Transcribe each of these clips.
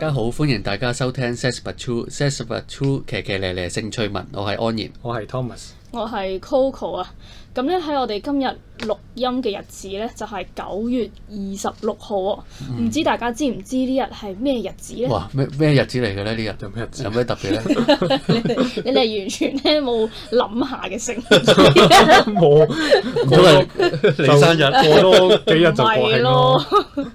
大家好，歡迎大家收聽《s a s but true》，《s a s but true》，騎騎咧咧，性趣聞。我係安然，我係 Thomas，我係 Coco 啊。咁咧喺我哋今日錄音嘅日子咧，就係九月二十六號。唔知大家知唔知呢日係咩日子咧？哇，咩咩日子嚟嘅咧？呢日有咩有咩特別咧？你哋完全咧冇諗下嘅性，冇，我係你生日，過多幾日就國慶咯，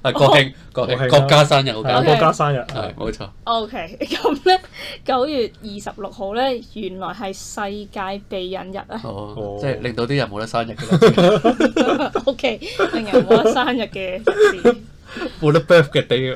係國慶。國國家生日，國家生日，係冇錯。O K，咁咧九月二十六號咧，原來係世界避孕日啊！哦，哦即係令到啲人冇得生日嘅。O K，令人冇得生日嘅日子。冇 得 birthday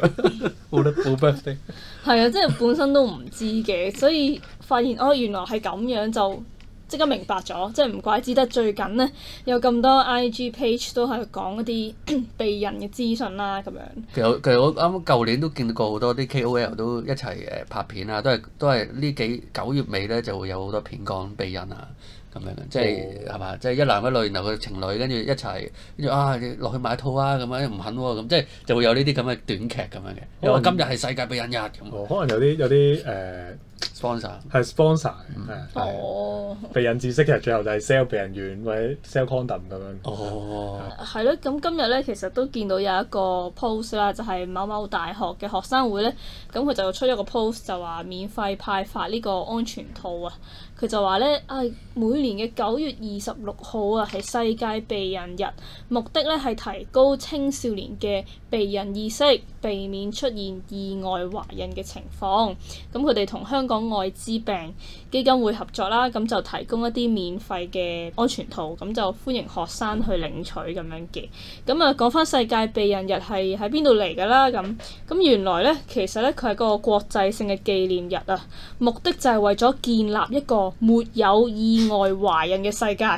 冇 得冇 birthday。係 啊， 即係本身都唔知嘅，所以發現哦，原來係咁樣就。即刻明白咗，即係唔怪之得最近咧有咁多 IG page 都係講一啲 避孕嘅資訊啦，咁樣其。其實其實我啱啱舊年都見到過好多啲 KOL 都一齊誒拍片啊，都係都係呢幾九月尾咧就會有好多片講避孕啊，咁樣嘅，即係係嘛，即係一男一女然後個情侶跟住一齊跟住啊你落去買套啊咁樣，唔肯喎、啊、咁，即係就會有呢啲咁嘅短劇咁樣嘅。因為能今日係世界避孕日咁。哦，可能有啲有啲誒。呃 sponsor 係 sponsor 係、嗯、是哦，避孕知識其實最後就係 sell 避孕丸或者 sell condom 咁樣哦，係咯，咁今日咧其實都見到有一個 post 啦，就係某某大學嘅學生會咧，咁佢就出咗個 post 就話免費派發呢個安全套啊，佢就話咧啊每年嘅九月二十六號啊係世界避孕日，目的咧係提高青少年嘅避孕意識。避免出現意外懷孕嘅情況，咁佢哋同香港愛滋病基金會合作啦，咁就提供一啲免費嘅安全套，咁就歡迎學生去領取咁樣嘅。咁啊，講翻世界避孕日係喺邊度嚟㗎啦？咁咁原來呢，其實呢，佢係個國際性嘅紀念日啊，目的就係為咗建立一個沒有意外懷孕嘅世界。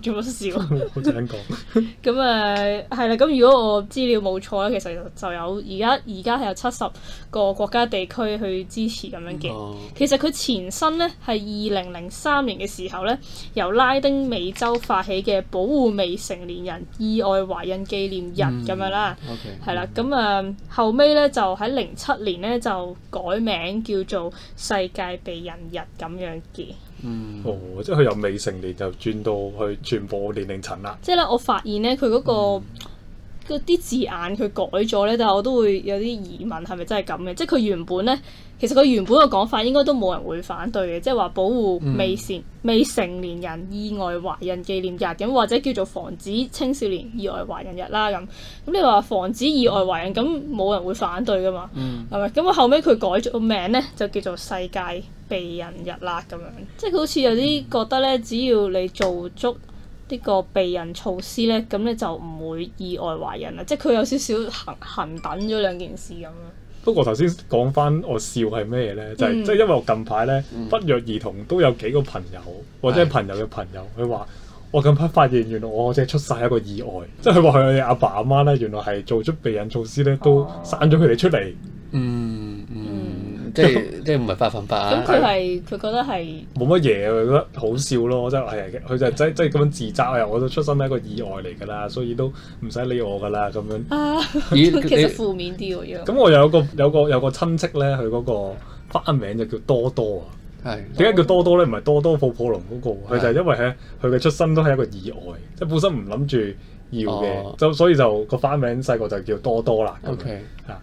做 乜笑？好正講。咁 啊、嗯，係啦。咁如果我資料冇錯咧，其實就有而家而家係有七十個國家地區去支持咁樣嘅。其實佢前身呢係二零零三年嘅時候呢，由拉丁美洲發起嘅保護未成年人意外懷孕紀念日咁樣啦。係啦，咁啊後尾咧就喺零七年呢，就改名叫做世界避孕日咁樣嘅。嗯，哦，即係佢由未成年就轉到去全部年齡層啦。即係咧，我發現呢，佢嗰個，嗯。嗰啲字眼佢改咗咧，但係我都會有啲疑問，係咪真係咁嘅？即係佢原本咧，其實佢原本嘅講法應該都冇人會反對嘅，即係話保護未成年未成年人意外懷孕紀念日咁，或者叫做防止青少年意外懷孕日啦咁。咁你話防止意外懷孕，咁冇人會反對噶嘛？係咪、嗯？咁後尾佢改咗個名咧，就叫做世界避孕日啦咁樣。即係佢好似有啲覺得咧，只要你做足。呢個避孕措施咧，咁咧就唔會意外懷孕啦，即係佢有少少行行等咗兩件事咁咯。不過頭先講翻我笑係咩咧？就係即係因為我近排咧，不、嗯、約而同都有幾個朋友或者係朋友嘅朋友，佢話是我近排發現原來我隻出晒一個意外，即係佢話佢阿爸阿媽咧，原來係做出避孕措施咧，哦、都生咗佢哋出嚟、嗯。嗯嗯。即係即係唔係百分百、啊嗯。咁佢係佢覺得係冇乜嘢，佢覺得好笑咯。即係係佢就真真係咁樣自責啊！我嘅出生係一個意外嚟㗎啦，所以都唔使理我㗎啦咁樣。啊，啊其實你 負面啲喎，咁我有個有個有，個，有個親戚咧，佢嗰個花名就叫多多啊。係是。點解叫多多咧？唔係多多抱抱龍嗰、嗰個，佢就係因為佢嘅出生都係一個意外，即係本身唔諗住要嘅，哦、就所以就、嗰個花名細個就叫多多啦。O K。啊、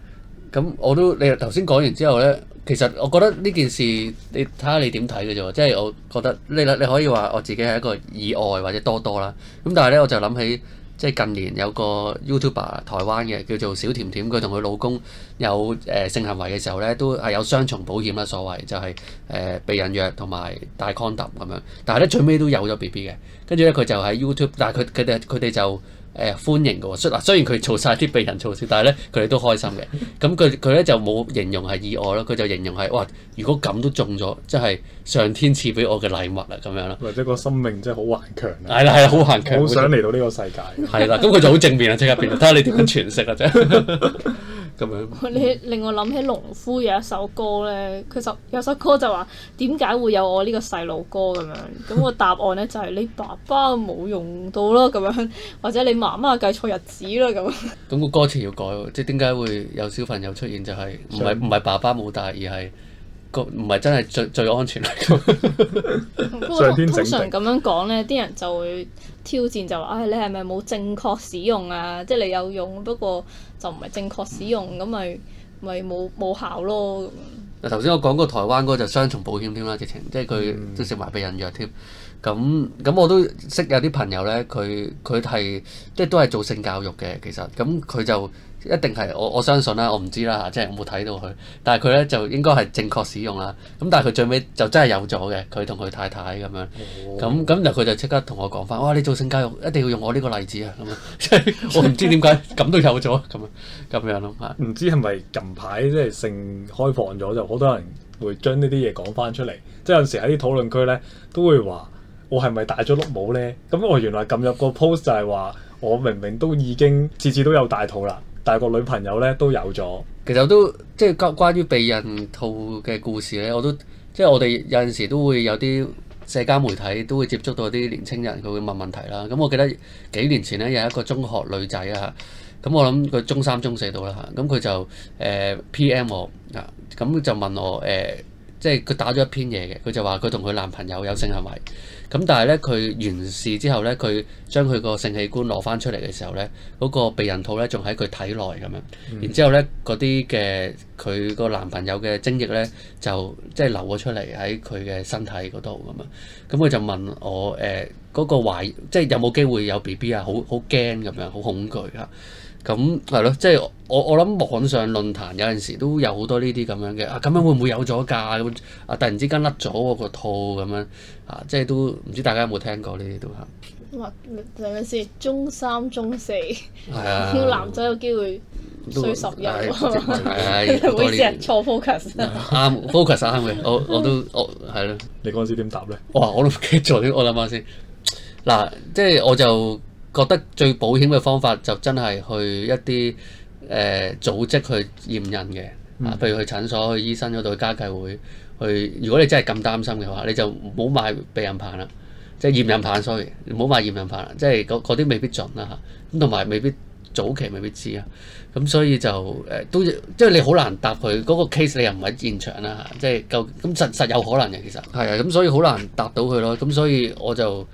嗯，咁、嗯、我都你頭先講完之後咧。其實我覺得呢件事你睇下你點睇嘅啫，即係我覺得你你可以話我自己係一個意外或者多多啦。咁但係呢，我就諗起即係近年有個 YouTuber 台灣嘅叫做小甜甜，佢同佢老公有誒、呃、性行為嘅時候呢，都係有雙重保險啦。所謂就係誒避孕藥同埋大 condom 咁樣，但係呢，最尾都有咗 BB 嘅。跟住呢，佢就喺 YouTube，但係佢佢哋佢哋就。誒、哎、歡迎嘅喎，雖然佢做晒啲避孕措施，但係咧佢哋都開心嘅。咁佢佢咧就冇形容係意外咯，佢就形容係哇！如果咁都中咗，即係上天賜俾我嘅禮物啦，咁樣啦，或者個生命真係好頑強。係啦，係啦，好頑強。好很想嚟到呢個世界。係啦，咁佢就好正面啦，即係睇下你點樣詮釋啊啫。 你令我諗起農夫有一首歌咧，佢實有首歌就話，點解會有我呢個細路哥咁樣？咁個答案咧就係、係、你爸爸冇用到啦咁樣，或者你媽媽計錯日子啦咁。咁個 歌詞要改，即係點解會有小朋友出現就係唔係唔係爸爸冇大而係？個唔係真係最最安全嚟嘅。 通常咁樣講呢，啲人就會挑戰就話：唉、哎，你係咪冇正確使用啊？即係你有用，不過就唔係正確使用，咁咪咪冇冇效咯。嗱，頭先我講過台灣嗰個就雙重保險添啦，直情即係佢都食埋避孕藥添。咁咁我都識有啲朋友呢，佢佢係即係都係做性教育嘅，其實咁佢就。一定係我我相信啦，我唔知啦，即係我冇睇到佢。但係佢咧就應該係正確使用啦。咁但係佢最尾就真係有咗嘅，佢同佢太太咁樣咁咁。然後佢、oh. 就即刻同我講翻：，哇、哦！你做性教育一定要用我呢個例子啊！咁樣即係我唔知點解咁都有咗咁樣咁樣咯，唔知係咪近排即係性開放咗，就好多人會將呢啲嘢講翻出嚟。即係有陣時喺啲討論區咧都會話：我係咪大咗碌帽咧？咁我原來撳入個 post 就係話我明明都已經次次都有大肚啦。大個女朋友咧都有咗，其實都即係關關於避孕套嘅故事咧，我都即係我哋有陣時都會有啲社交媒體都會接觸到啲年青人，佢會問問題啦。咁我記得幾年前咧有一個中學女仔啊，咁我諗佢中三中四度啦嚇，咁佢就誒、呃、PM 我啊，咁就問我誒。呃即係佢打咗一篇嘢嘅，佢就話佢同佢男朋友有性行為，咁、嗯、但係呢，佢完事之後呢，佢將佢個性器官攞翻出嚟嘅時候呢，嗰、嗰個避孕套呢仲喺佢體內咁樣，然之後呢，嗰啲嘅佢個男朋友嘅精液呢，就即係流咗出嚟喺佢嘅身體嗰度咁樣，咁佢就問我誒嗰、呃嗰個懷疑即係、就是、有冇機會有 B B 啊，好好驚咁樣，好恐懼嚇。咁係咯，即係、就是、我我諗網上論壇有陣時都有好多呢啲咁樣嘅啊，咁樣會唔會有咗價咁啊？突然之間甩咗我個套咁樣啊，即係都唔知大家有冇聽過呢啲都嚇、啊。哇，係咪先，中三中四，係啊、哎，methods，男仔有機會衰十日，係啊，每次錯 focus，啱 focus 啱嘅，我我都我係咯，你嗰陣時點答咧？哇，我都唔記得咗我諗下先，嗱，即係我就。覺得最保險嘅方法就真係去一啲誒組織去驗孕嘅，啊，譬如去診所、去醫生嗰度、去家計會去。如果你真係咁擔心嘅話，你就唔好買避孕棒啦，即係驗孕棒。sorry，唔好買驗孕棒啦，即係嗰啲未必準啦嚇，咁同埋未必早期未必知啊。咁所以就誒都即係你好難答佢嗰個 case，你又唔喺現場啦嚇，即係夠咁實實有可能嘅其實係啊，咁所以好難答到佢咯。咁所以我就。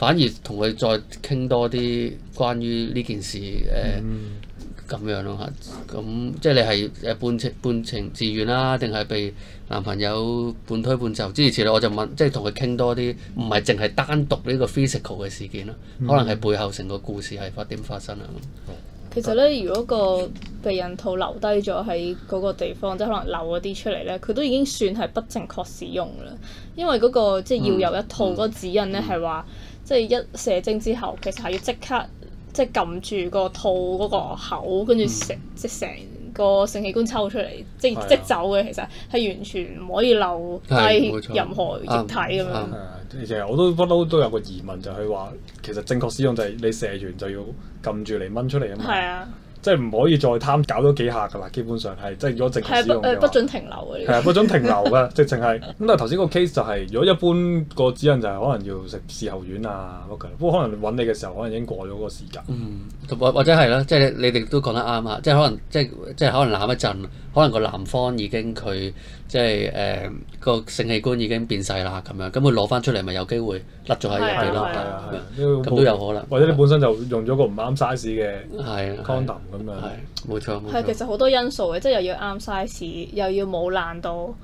反而同佢再傾多啲關於呢件事誒咁、呃嗯、樣咯嚇，咁即係你係半情半情自願啦、啊，定係被男朋友半推半就支持咧？諸如此類我就問，即係同佢傾多啲，唔係淨係單獨呢個 physical 嘅事件咯，可能係背後成個故事係發點發生啊？嗯、對其實咧，如果個避孕套留低咗喺嗰個地方，即係可能漏嗰啲出嚟咧，佢都已經算係不正確使用啦，因為嗰、那個即係要有一套嗰指引咧，係話、嗯。嗯嗯即係一射精之後，其實係要即刻即係撳住個套嗰個口，跟住成即成個性器官抽出嚟，即即走嘅。其實係完全唔可以漏低任何液體咁樣。係、冇錯、啊，啊，其、啊、實、啊、我都不嬲都有個疑問，就係話其實正確使用就係你射完就要撳住嚟掹出嚟啊嘛。係、嗯嗯、啊。即係唔可以再貪搞多幾下㗎啦，基本上係即係如果淨係係不准停留嘅。係啊，不准停留嘅，直情係。咁 但係頭先個 case 就係、是，如果一般個指引就係可能要食事後丸啊乜嘅，okay，不過可能揾你嘅時候可能已經過咗個時間。嗯，或或者係啦，即係你哋都講得啱啊，即係可能即係即係可能攬一陣。可能個男方已經佢即係誒個性器官已經變細啦，咁樣，咁佢攞翻出嚟咪有機會甩咗喺入邊咯，咁樣咁都有可能。或者你本身就用咗個唔啱 size 嘅 condom 咁樣啊，冇錯冇錯。係其實好多因素嘅，即係又要啱 size，又要冇爛到，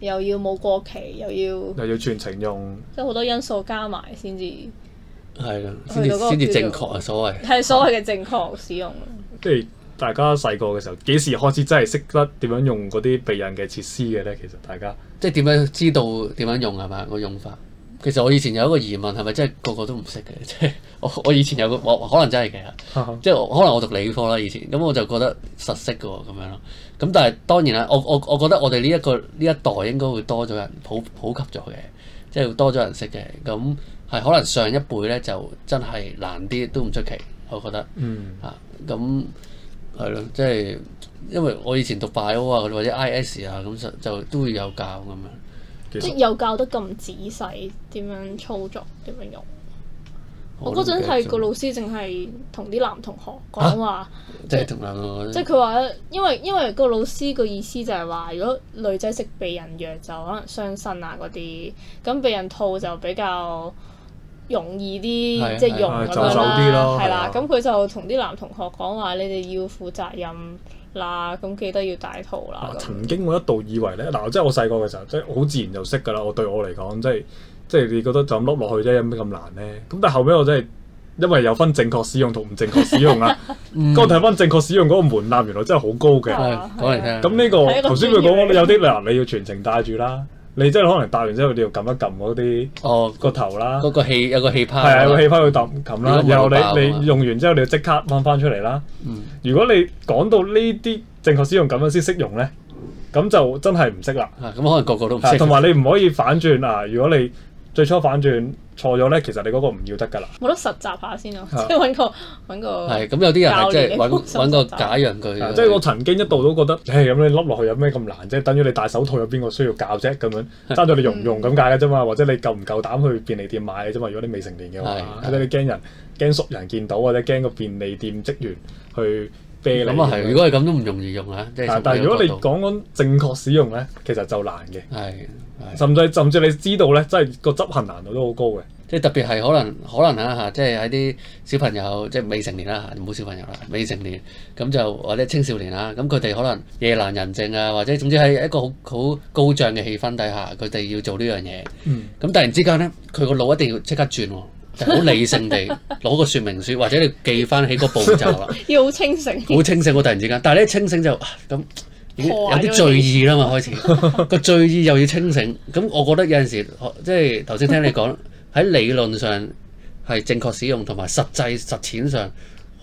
又要冇過期，又要又要全程用，即係好多因素加埋先至係啦。先至正確啊，所謂係所謂嘅正確使用。大家細個嘅時候幾時開始真係識得點樣用嗰啲避孕嘅設施嘅咧？其實大家即係點樣知道點樣用係嘛個用法？其實我以前有一個疑問係咪真係個個都唔識嘅？即係我我以前有個我可能真係嘅， 即係可能我讀理科啦以前，咁我就覺得實識嘅喎咁樣咯。咁但係當然啦，我我我覺得我哋呢一個呢一代應該會多咗人普普及咗嘅，即係多咗人識嘅。咁係可能上一輩咧就真係難啲都唔出奇，我覺得嗯啊咁。係咯，即係，因為我以前讀 bio 啊或者 is 啊，咁就都會有教咁樣，即係又教得咁仔細，點樣操作，點樣用。哦、我嗰陣係個老師淨係同啲男同學講話，啊、即係同男，即係佢話，因為因為個老師個意思就係話，如果女仔食避孕藥就可能傷身啊嗰啲，咁避孕套就比較，容易啲即係用咁樣啦，係啦，咁佢就同啲男同學講話：你哋要負責任啦，咁記得要帶套啦。曾經我一度以為咧，嗱，即係我細個嘅時候，即係好自然就識噶啦。我對我嚟講，即係即係你覺得就咁碌落去啫，有咩咁難咧？咁但係後尾我真係因為有分正確使用同唔正確使用啦。咁我睇翻正確使用嗰個門檻，原來真係好高嘅。講咁呢個頭先佢講，你有啲嗱，你要全程帶住啦。你真係可能戴完之後按按，你要撳一撳嗰啲哦個頭啦，嗰個氣有個氣泡，係啊對個氣泡要撳撳啦，有有然後你你用完之後，你即刻掹翻出嚟啦。嗯，如果你講到呢啲正確使用咁樣先識用咧，咁就真係唔識啦。啊，咁可能個個都唔識。同埋你唔可以反轉啊！如果你最初反轉錯咗咧，其實你嗰個唔要得噶啦。冇得實習下先咯、啊是嗯，即係揾個揾個。咁有啲人即係揾個假人佢。即係我曾經一度都覺得，嘿咁、嗯哎、你笠落去有咩咁難啫？等於你戴手套有邊個需要教啫？咁樣爭在你用唔用咁解嘅啫嘛？或者你夠唔夠膽去便利店買嘅啫嘛？如果你未成年嘅話，或者你驚人驚熟人見到或者驚個便利店職員去啤你咁啊，係，如果係咁都唔容易用啊。但係如果你講講正確使用咧，其實就難嘅。係。甚至甚至你知道咧，真係個執行難度都好高嘅、啊。即係特別係可能可能嚇嚇，即係喺啲小朋友，即係未成年啦、啊、嚇，唔好小朋友啦，未成年咁就或者青少年啦、啊，咁佢哋可能夜難人靜啊，或者總之喺一個好好高漲嘅氣氛底下，佢哋要做呢樣嘢。嗯。咁突然之間咧，佢個腦一定要即刻轉喎、啊，好、就是、理性地攞個説明書， 或者你記翻起個步驟啦。 要好清醒。好清醒喎、啊！突然之間，但係咧清醒就咁。啊。有啲醉意啦嘛，開始個醉意又要清醒，咁 我覺得有陣時即係頭先聽你講喺理論上係正確使用，同埋實際實踐上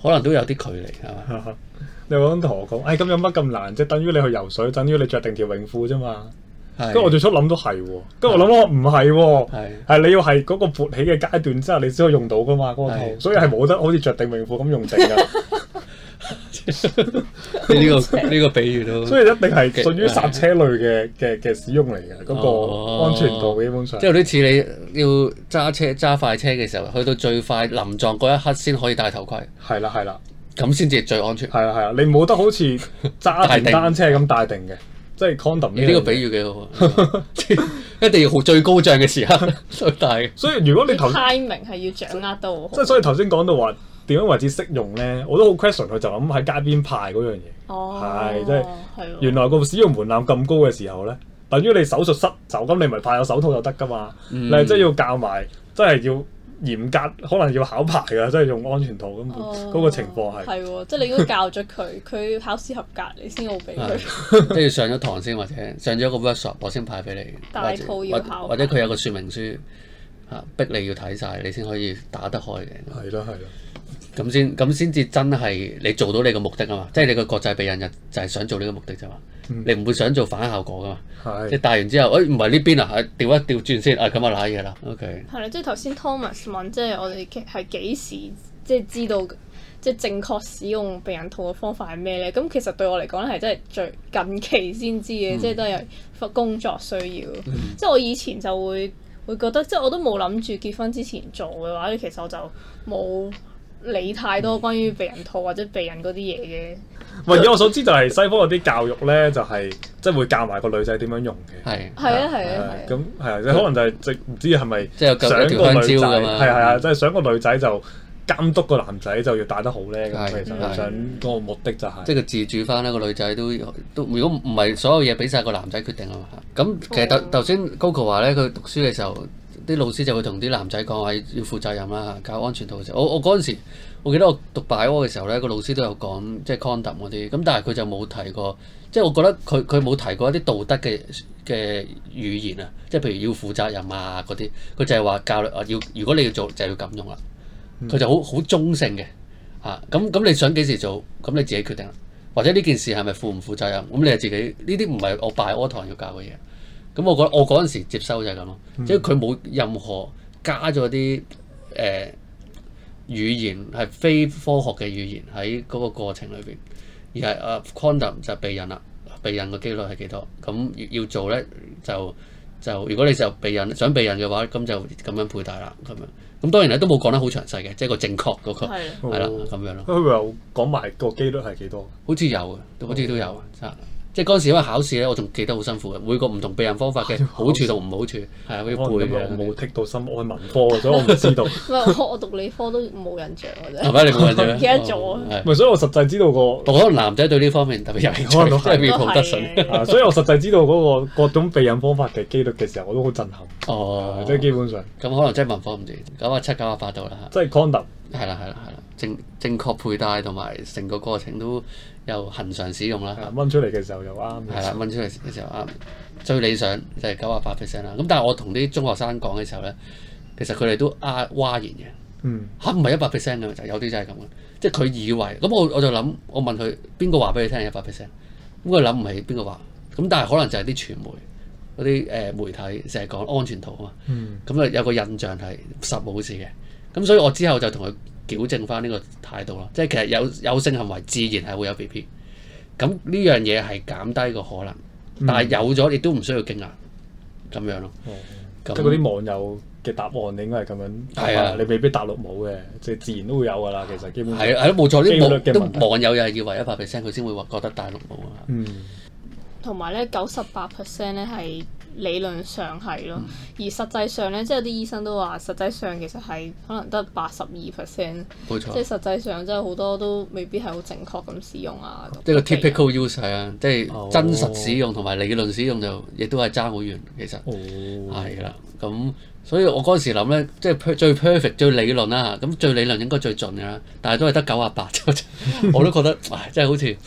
可能都有啲距離，係嘛？ 你會咁同我講，哎咁有乜咁難啫？等於你去游水，等於你着定條泳褲啫嘛。跟住是我最初諗都係喎，跟住我諗唔係喎，係是你要係嗰個勃起嘅階段之後，你先可以用到噶嘛嗰、嗰個是是所以係冇得好似着定泳褲咁用淨㗎。 呢、 這個呢個比喻咯， 所以一定係屬於剎車類嘅嘅嘅使用嚟嘅，嗰個安全度基本上，即係好似你要揸車揸快車嘅時候，去到最快臨撞嗰一刻先可以戴頭盔。係啦係啦，咁先至最安全。係啦係啦，你冇得好似揸電單車咁戴定嘅， 定即係 condom。呢個比喻幾好，啊、 一定要好最高漲嘅時刻戴。 所以如果你頭 timing 係要掌握到，即係所以頭先講到話。 點樣為之識用咧？我都好 question 佢就咁喺街邊派嗰樣嘢，係即係原來個使用門檻咁高嘅時候咧。等如你手術失手，咁你咪派有手套就得噶嘛？嗯、你即係要教埋，即係要嚴格，可能要考牌噶，即係用安全套咁嗰個情況係。係即係你都教咗佢，佢考試合格你先好俾佢。即係上咗堂先，或者上咗個 workshop 我先派俾你。大套要考，或者佢有個說明書吓逼你要睇晒，你先可以打得開嘅。係咯，係咯。咁先咁先至真係你做到你個目的啊嘛，即係你個國際避孕日就係想做呢個目的啫嘛。你唔會想做反效果噶嘛？係、嗯、即係戴完之後，哎唔係呢邊啊，係調一調轉先，哎咁啊嗱嘢啦。OK 係啦，即係頭先 Thomas 問，即係我哋係幾時即係知道即係正確使用避孕套嘅方法係咩咧？咁其實對我嚟講咧，係真係最近期先知嘅，嗯、即係都係工作需要。嗯、即係我以前就會會覺得，即係我都冇諗住結婚之前做嘅話咧，其實我就冇理太多關於避孕套或者避孕嗰啲嘢嘅。唔係以我所知就係西方嗰啲教育咧，就係即係會教埋個女仔點樣用嘅。係係啊係啊。咁係啊，即可能就係即唔知係咪想個女仔，係係、嗯、啊，就係、是、想個女仔就監督個男仔就要戴得好咧。咁其實想嗰個目的就係即係佢自主翻呢個女仔都都如果唔唔係所有嘢俾晒個男仔決定啊嘛。咁其實頭頭先 coco 話咧，佢、嗯、讀書嘅時候。啲老師就會同啲男仔講話要負責任啦，教安全套嘅時候，我我嗰陣時，我記得我讀擺屙嘅時候咧，個老師都有講即係 condom 嗰啲，咁但係佢就冇提過，即係我覺得佢佢冇提過一啲道德嘅嘅語言啊，即係譬如要負責任啊嗰啲，佢就係話教你啊要如果你要做就係要噉用啦，佢就好好中性嘅啊，咁咁你想幾時做，咁你自己決定啦，或者呢件事係咪負唔負責任，咁你係自己呢啲唔係我擺屙堂要教嘅嘢。咁我覺得我嗰陣時接收就係咁咯，嗯、即係佢冇任何加咗啲誒語言係非科學嘅語言喺嗰個過程裏邊，而係啊 condom 就避孕啦，避孕個機率係幾多？咁要做咧就就如果你就避孕想避孕嘅話，咁就咁樣佩戴啦，咁樣。咁當然咧都冇講得好詳細嘅，即、就、係、係、個正確嗰、個係啦，咁樣咯。佢有講埋個機率係幾多好？好似有啊，好似都有。啊、哦。即係嗰時因為考試咧，我仲記得好辛苦嘅，每個唔同避孕方法嘅好處同唔好處，係啊，要背啊，我冇剔到心，我係文科，所以我唔知道。我我讀理科都冇印象嘅啫。係咪你冇印象，唔記得咗？唔係，所以我實際知道過。我覺得男仔對呢方面特別有興趣，真係得。所以我實際知道嗰個各種避孕方法嘅機率嘅時候，我都好震撼。哦，即係基本上。咁可能即係文科唔知，九啊七、九啊八度啦。即係 condom 係啦，係啦，係啦。正正確佩戴同埋成個過程都有恆常使用啦。掹出嚟嘅時候又啱。係啦了，掹出嚟嘅時候啱， 最理想就係九十八 percent 啦。咁但係我同啲中學生講嘅時候咧，其實佢哋都啊嘩然嘅。嗯，吓唔係一百 percent 嘅就有啲就係咁嘅，即係佢以為。咁我我就諗，我問佢邊個話俾你聽一百 percent？咁佢諗唔起邊個話。咁但係可能就係啲傳媒嗰啲誒媒體成日講安全套啊嘛。嗯。咁啊有個印象係實冇事嘅。咁所以我之後就同佢調整翻呢個態度咯，即係其實有有性行為自然係會有 B P，咁呢樣嘢係減低個可能，嗯、但係有咗亦都唔需要驚訝，咁樣咯。哦、樣即係嗰啲網友嘅答案，你應該係咁樣，係啊，啊你未必大陸冇嘅，即係自然都會有噶啦。其實基本係係咯冇錯，啲網友又係要為一百 percent 佢先會覺得大陸冇啊。嗯，同埋咧九十八 percent 咧係。理論上係咯，而實際上咧，即係啲醫生都話，實際上其實係可能得八十二 percent，即係實際上即係好多都未必係好正確咁使用啊。嗯、即係個 typical use 係啊，即係真實使用同埋理論使用就亦都係爭好遠，其實係啦。咁、哦、所以我嗰時諗咧，即係最 perfect 最理論啦，咁最理論應該最盡㗎，但係都係得九啊八啫。我都覺得，唉、哎，真係好似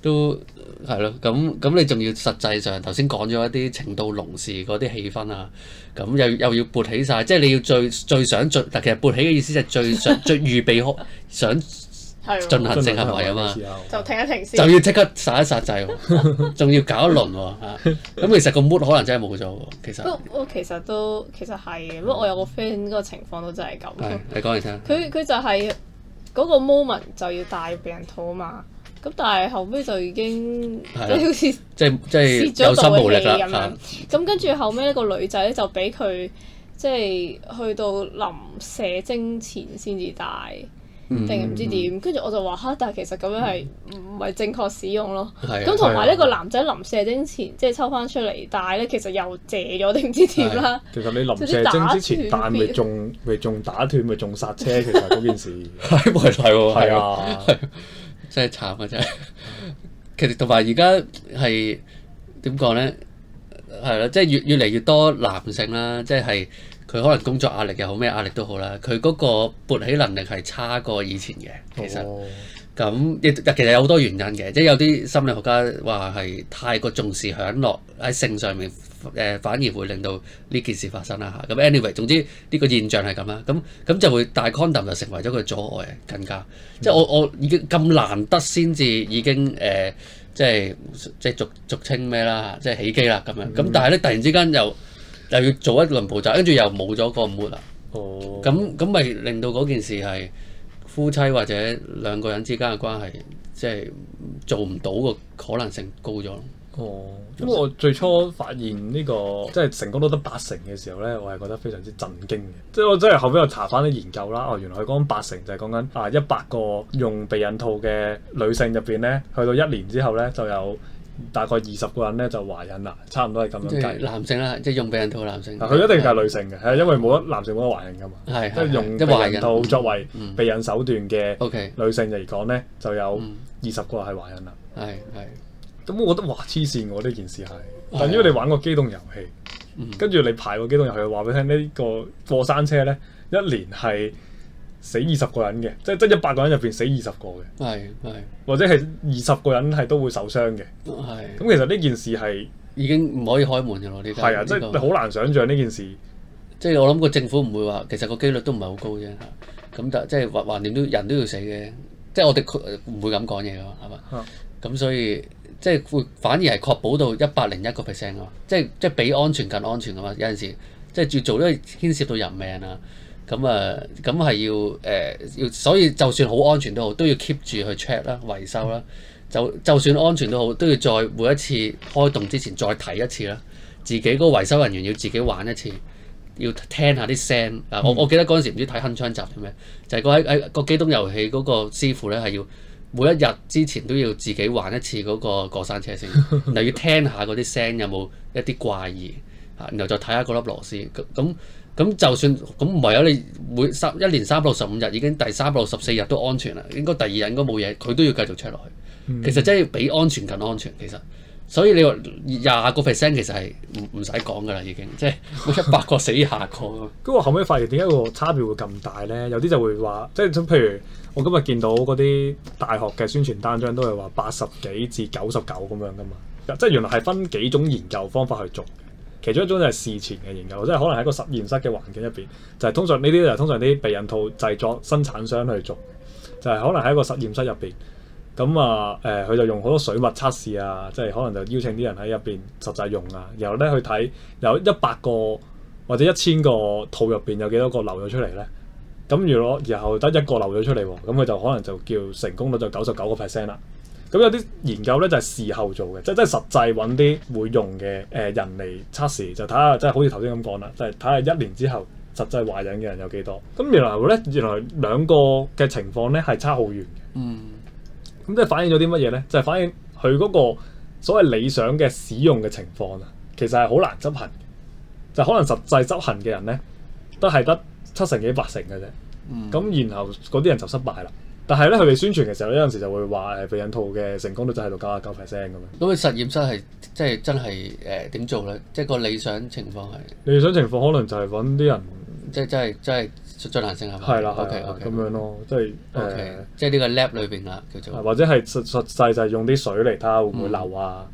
都～係咯，咁咁你仲要實際上頭先講咗一啲程度濃時嗰啲氣氛啊，咁又又要撥起晒。即係你要最最想最，但其實撥起嘅意思就係最想最預備好想進行性 的行為啊嘛，就停一停先，就要即刻殺一殺掣，仲 要搞一輪喎嚇，咁、啊、其實個 mood 可能真係冇咗喎，其實，我我其實都其實係，不過我有個 friend 嗰個情況都真係咁，你講嚟聽，佢佢就係嗰個 moment 就要大病吐啊嘛。咁但係後尾就已經即係好似即係即係有心無力咁樣。咁跟住後尾呢個女仔咧就俾佢即係去到臨射精前先至戴，定係唔知點？跟住我就話吓，但係其實咁樣係唔係正確使用咯？咁同埋呢個男仔臨射精前即係抽返出嚟戴咧，其實又借咗定唔知點啦。其實你臨射精之前戴咪仲咪仲打斷咪仲剎車，其實嗰件事係咪係啊。真係慘啊！真係，其實同埋而家係點講呢？係啦，即係越越嚟越多男性啦，即係佢可能工作壓力又好，咩壓力都好啦，佢嗰個勃起能力係差過以前嘅。其實咁亦、oh. 其實有好多原因嘅，即係有啲心理學家話係太過重視享樂喺性上面。誒反而會令到呢件事發生啦嚇，咁 anyway，總之呢個現象係咁啦，咁咁就會大 condom 就成為咗個阻礙，更加即係我我已經咁難得先至已經誒、呃，即係即係俗稱咩啦，即係起機啦咁樣，咁但係咧突然之間又又要做一輪步驟，跟住又冇咗個 mood 啦，哦、oh.，咁咁咪令到嗰件事係夫妻或者兩個人之間嘅關係，即係做唔到個可能性高咗。哦，咁我最初發現呢個即係成功都得八成嘅時候咧，我係覺得非常之震驚嘅。即係我真係後邊又查翻啲研究啦，哦，原來佢講八成就係講緊啊一百個用避孕套嘅女性入邊咧，去到一年之後咧就有大概二十個人咧就懷孕啦，差唔多係咁樣計。男性啦，即係用避孕套男性。佢一定係女性嘅，係因為冇得男性冇得懷孕噶嘛。係係。即係用避孕套作為避孕手段嘅女性嚟講咧，就有二十個係懷孕啦。係係。咁我覺得哇黐線喎呢件事係，但因為你玩過機動遊戲，跟住、嗯、你排過機動遊戲，話俾你聽呢個過山車咧，一年係死二十個人嘅，即即一百個人入邊死二十個嘅，係係，或者係二十個人係都會受傷嘅，係是。咁其實呢件事係已經唔可以開門嘅咯，呢家係啊，即係好難想像呢件事、這個。即、就、係、是、我諗個政府唔會話，其實個機率都唔係好高啫。咁但即係話話，橫掂、就是、都人都要死嘅。即、就、係、是、我哋唔會咁講嘢嘅嘛，嘛。咁、啊、所以。即係會反而係確保到一百零一個 percent 啊嘛，即係即係比安全更安全噶嘛！有陣時即係做做都牽涉到人命啊。咁啊咁係要誒、呃、要，所以就算好安全都好，都要 keep 住去 check 啦、維修啦。就就算安全都好，都要再每一次開動之前再睇一次啦。自己嗰個維修人員要自己玩一次，要聽下啲聲。嗯、我我記得嗰陣時唔知睇《鏗鏘集》定咩，就係嗰個嗰個機動遊戲嗰個師傅咧係要。每一日之前都要自己玩一次嗰個過山車先，又要聽下嗰啲聲有冇一啲怪異嚇，然後再睇下嗰粒螺絲。咁咁就算咁，唯有你每三一年三百六十五日已經第三百六十四日都安全啦，應該第二日應該冇嘢，佢都要繼續 check 落去。嗯、其實真係比安全更安全其實。所以你話廿個 percent 其實係唔唔使講噶啦已經，即係一百個死廿個咁。咁 我後尾發現點解個差別會咁大咧？有啲就會話即係譬如。我今日見到嗰啲大學嘅宣傳單張都係話八十幾至九十九咁樣噶嘛，即係原來係分幾種研究方法去做，其中一種就係事前嘅研究，即係可能喺個實驗室嘅環境入邊，就係、是、通常呢啲就通常啲避孕套製作生產商去做，就係、是、可能喺個實驗室入邊，咁啊誒佢、呃、就用好多水物測試啊，即係可能就邀請啲人喺入邊實際用啊，然後咧去睇有一百個或者一千個套入邊有幾多個漏咗出嚟咧。咁如果然後得一個漏咗出嚟，咁佢就可能就叫成功率就九十九個 percent 啦。咁有啲研究咧就係事後做嘅，即係真係實際揾啲會用嘅誒人嚟測試，就睇下即係好似頭先咁講啦，就係睇下一年之後實際懷孕嘅人有幾多。咁原來咧原來兩個嘅情況咧係差好遠嘅。嗯，咁即係反映咗啲乜嘢咧？就係反映佢嗰個所謂理想嘅使用嘅情況啊，其實係好難執行，就可能實際執行嘅人咧都係得。七成幾八成嘅啫，咁、嗯、然後嗰啲人就失敗啦。但係咧，佢哋宣傳嘅時候，有陣時就會話誒避孕套嘅成功率就喺度加九 percent 咁樣。咁佢實驗室係即係真係誒點做咧？即係、呃、個理想情況係理想情況，可能就係揾啲人，即係真係真係。出在難成係嘛？係啦，係啦，咁樣咯，即係，即係呢個 lab 裏邊啦，叫做或者係實實際就係用啲水嚟睇下會唔會漏啊，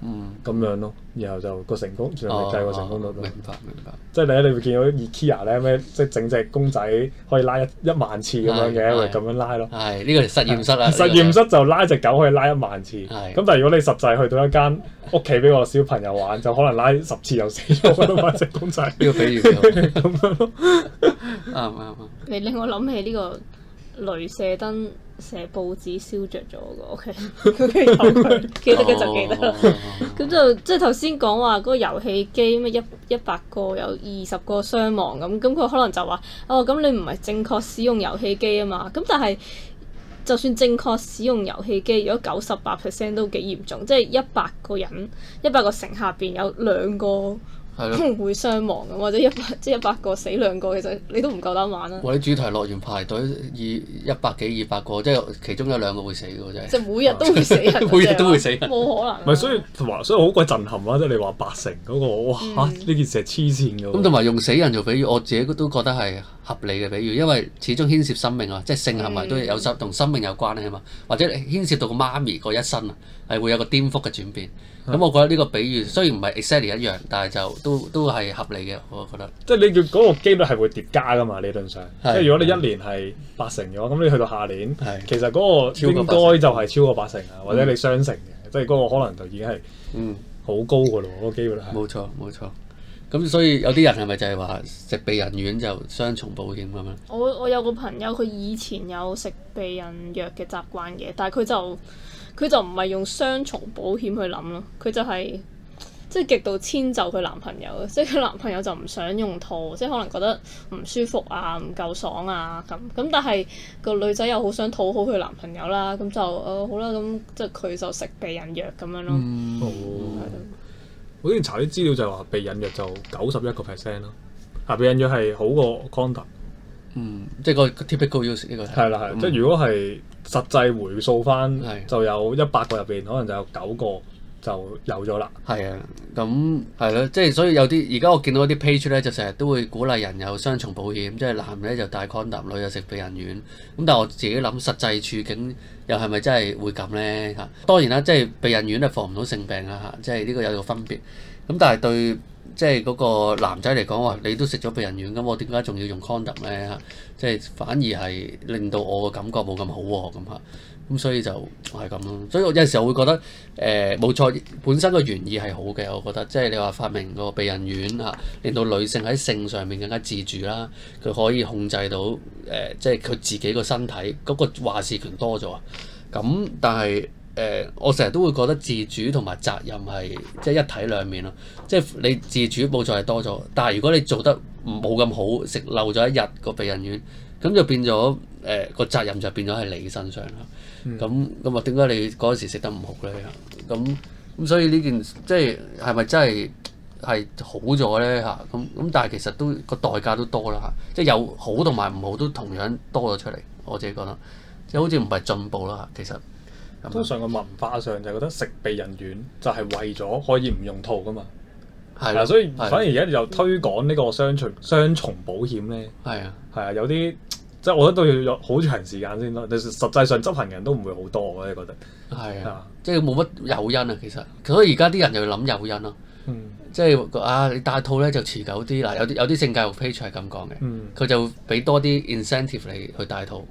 咁樣咯，然後就個成功，全力計劃成功率，明白明白。即係你一，你會見到 IKEA 咧咩，即係整隻公仔可以拉一萬次咁樣嘅，咁樣拉咯。係呢個實驗室啊！實驗室就拉隻狗可以拉一萬次，咁但係如果你實際去到一間屋企俾個小朋友玩，就可能拉十次又死咗嗰隻公仔。呢個比喻咁樣咯，啱啱？你令我諗起呢個鐳射燈射報紙燒着咗個，OK，okay 記得嘅就記得啦。咁、哦、 就即係頭先講話嗰、那個遊戲機，咩一一百個有二十個傷亡咁，咁佢可能就話哦，咁你唔係正確使用遊戲機啊嘛。咁但係就算正確使用遊戲機，如果九十八 percent 都幾嚴重，即係一百個人，一百個城下邊有兩個。會傷亡咁，或者一百即係一百個死兩個，其實你都唔夠膽玩啦、啊。或者主題樂園排隊二一百幾二百個，即係其中有兩個會死嘅真即係每日都會死 每日都會死。冇可能、啊。唔係，所以同埋所以好鬼震撼啦！即係你話八成嗰、那個哇，呢件、嗯、事係黐線嘅。咁同埋用死人做比喻，我自己都覺得係合理嘅比喻，因為始終牽涉生命啊，即係性係咪都有同生命有關啊嘛？嗯、或者牽涉到個媽咪個一生啊，係會有個顛覆嘅轉變。咁我覺得呢個比喻雖然唔係 exactly 一樣，但係就都都係合理嘅，我覺得。即係你要嗰個機率係會疊加噶嘛？理論上，是即係如果你一年係八成嘅話，咁是你去到下年，是其實嗰個應該就係超過八成啊，成嗯、或者你雙成嘅，即係嗰個可能就已經係嗯好高嘅咯，嗰個機會率。冇錯冇錯，咁所以有啲人係咪就係話食避孕丸就雙重保險咁樣？我我有個朋友，佢以前有食避孕藥嘅習慣嘅，但係佢就。佢就唔係用雙重保險去諗咯，佢就係、是、即係極度遷就佢男朋友，即係佢男朋友就唔想用套，即係可能覺得唔舒服啊、唔夠爽啊咁。咁但係個女仔又好想討好佢男朋友啦、啊，咁就誒、哦、好啦，咁即係佢就食避孕藥咁樣咯。嗯，哦、的我之前查啲資料就話避孕藥就九十一個 percent 咯，啊避孕藥係好過 Condom。嗯，即係個 typical use 呢個係啦，係、嗯、即係如果係實際回數翻，的就有一百個入邊，可能就有九個就有咗啦。係啊，咁係咯，即係所以有啲而家我見到啲 page 咧，就成日都會鼓勵人有雙重保險，即係男咧就戴 condom，女人就食避孕丸。咁但係我自己諗，實際處境又係咪真係會咁咧？嚇，當然啦，即係避孕丸咧防唔到性病啊，即係呢個有個分別。咁但係對即係嗰個男仔嚟講話，你都食咗避孕丸，咁我點解仲要用 condom 咧？即係反而係令到我個感覺冇咁好喎、啊，咁嚇，咁所以就係咁咯。所以我有時候會覺得，誒冇錯，本身個原意係好嘅，我覺得。即係你話發明個避孕丸嚇、啊，令到女性喺性上面更加自主啦、啊，佢可以控制到誒、呃，即係佢自己個身體嗰、那個話事權多咗。啊。咁但係。誒、呃，我成日都會覺得自主同埋責任係即係一體兩面咯，即係你自主保就係多咗，但係如果你做得冇咁好，食漏咗一日個避孕丸，咁就變咗誒個責任就變咗喺你身上啦。咁咁話點解你嗰時食得唔好咧？咁咁所以件是是呢件即係係咪真係係好咗咧？嚇咁咁，但係其實都個代價都多啦、啊，即係有好同埋唔好都同樣多咗出嚟。我自己覺得，即係好似唔係進步啦，其實。通常個文化上就覺得食避孕丸就係為咗可以唔用套噶嘛，係啦的、啊，所以反而而家就推廣呢個雙重雙重保險咧，係啊的，係啊，有啲即係我覺得都要有好長時間先咯，但實際上執行人都唔會好多，我覺得係啊，的的即係冇乜誘因啊，其實，所以而家啲人就要諗誘因咯、啊，嗯、即係啊，你戴套咧就持久啲，嗱有啲有啲性教育 page 係咁講嘅，佢、嗯、就俾多啲 incentive 你去戴套。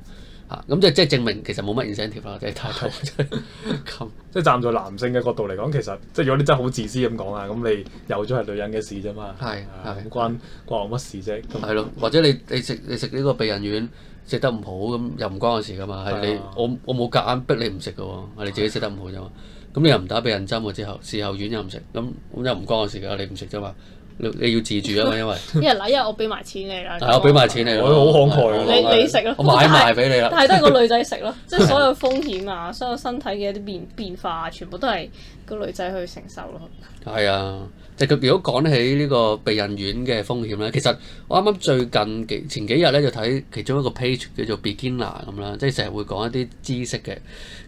咁即即證明其實冇乜 incentive 即係太多，的 那即係站在男性嘅角度嚟講，其實即係如果你真係好自私咁講的啊，咁你有咗係女人嘅事啫嘛，係係關關我乜事啫？係咯的，或者你你食你食呢個避孕丸食得唔好咁又唔關我事噶嘛？係的你我我冇夾硬逼你唔食噶喎，你自己食得唔好啫嘛。咁的你又唔打避孕針個之後，事後丸又唔食，咁咁又唔關我事噶，你唔食啫嘛。你要自住啊嘛，因為一日嗱一日我俾埋錢你啦，係 我俾埋錢你， 我好慷慨啊！ 你你食咯，我買埋俾你啦。但係都係個女仔食咯，即係 所有風險啊，所有身體嘅一啲變變化、啊，全部都係個女仔去承受咯。係 啊，就佢如果講起呢個避孕丸嘅風險咧，其實我啱啱最近幾前幾日咧就睇其中一個 page 叫做 Beginner 咁啦，即係成日會講一啲知識嘅，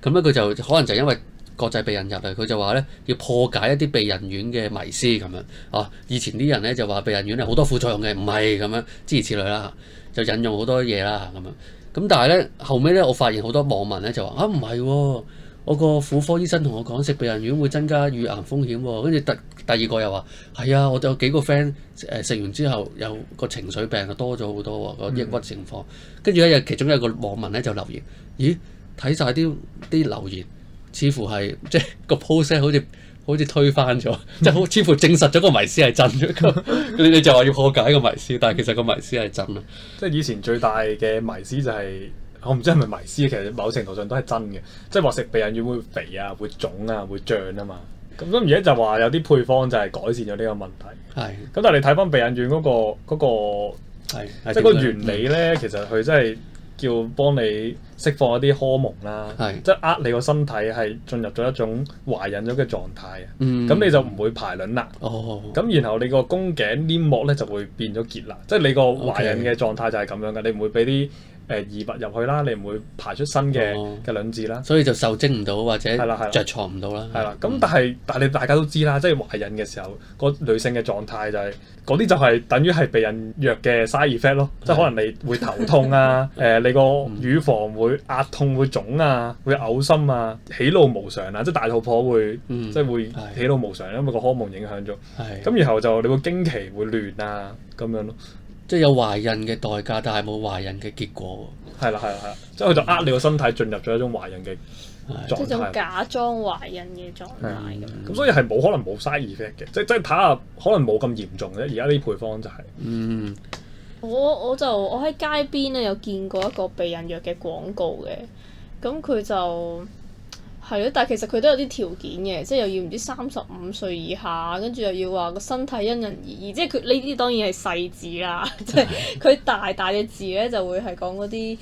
咁咧佢就可能就因為。國際避孕入嚟，佢就話呢要破解一啲避孕丸嘅迷思咁樣啊！以前啲人呢就話避孕丸係好多副作用嘅，唔係咁樣，諸、啊、如此類啦，就引用好多嘢啦咁樣。咁、啊、但係呢後尾呢，我發現好多網民呢就話啊，唔係、啊，我個婦科醫生同我講食避孕丸會增加乳癌風險喎、啊。跟住第第二個又話係啊，我有幾個 friend 誒食完之後有個情緒病就多咗好多、啊那個抑鬱情況。跟住咧有其中一個網民呢就留言，咦？睇晒啲啲留言。似乎係即係個 p o s e 好似好似推翻咗，即係好似乎證實咗個迷思係真咗。你 你就話要破解個迷思，但係其實個迷思係真啊。即係以前最大嘅迷思就係、是、我唔知係咪迷思，其實某程度上都係真嘅。即係話食避孕丸會肥啊、會腫啊、會脹啊會脹嘛。咁咁而家就話有啲配方就係改善咗呢個問題。係的。咁但係你睇翻避孕丸嗰個即係、那個那個、的個原理咧，嗯、其實佢真係。叫幫你釋放一啲荷蒙啦，是即係呃你個身體係進入咗一種懷孕咗嘅狀態，咁、嗯、你就唔會排卵啦。咁、哦、然後你個宮頸黏膜咧就會變咗結啦，即係你個懷孕嘅狀態就係咁樣嘅，Okay. 你唔會俾啲。誒異物入去啦，你唔會排出新嘅嘅卵子啦，所以就受精唔到或者着床唔到啦。係啦，咁但係但係你大家都知啦，即係懷孕嘅時候，個女性嘅狀態就係嗰啲就係等於係避孕藥嘅 side effect 咯，即係可能你會頭痛啊，誒你個乳房會壓痛會腫啊，會嘔心啊，喜怒無常啊，即係大肚婆會即係會喜怒無常，因為個荷爾蒙影響咗。咁然後就你個經期會亂啊，咁樣咯。即係有懷孕嘅代價，但係冇懷孕嘅結果。係啦，係 啦，係啦， 即係佢就呃你個心態，進入咗一種懷孕嘅狀即係假裝懷孕嘅狀態咁。咁、嗯、所以係冇可能冇 side effect 嘅，即係即係睇下可能冇咁嚴重啫。而家啲配方就係、係。嗯。我我就我喺街邊咧有見過一個避孕藥嘅廣告嘅，咁佢就。係咯，但係其實佢都有啲條件嘅，即係又要唔知三十五歲以下，跟住又要話個身體因人而異，即係佢呢啲當然係細字啦。即係佢大大嘅字咧，就會係講嗰啲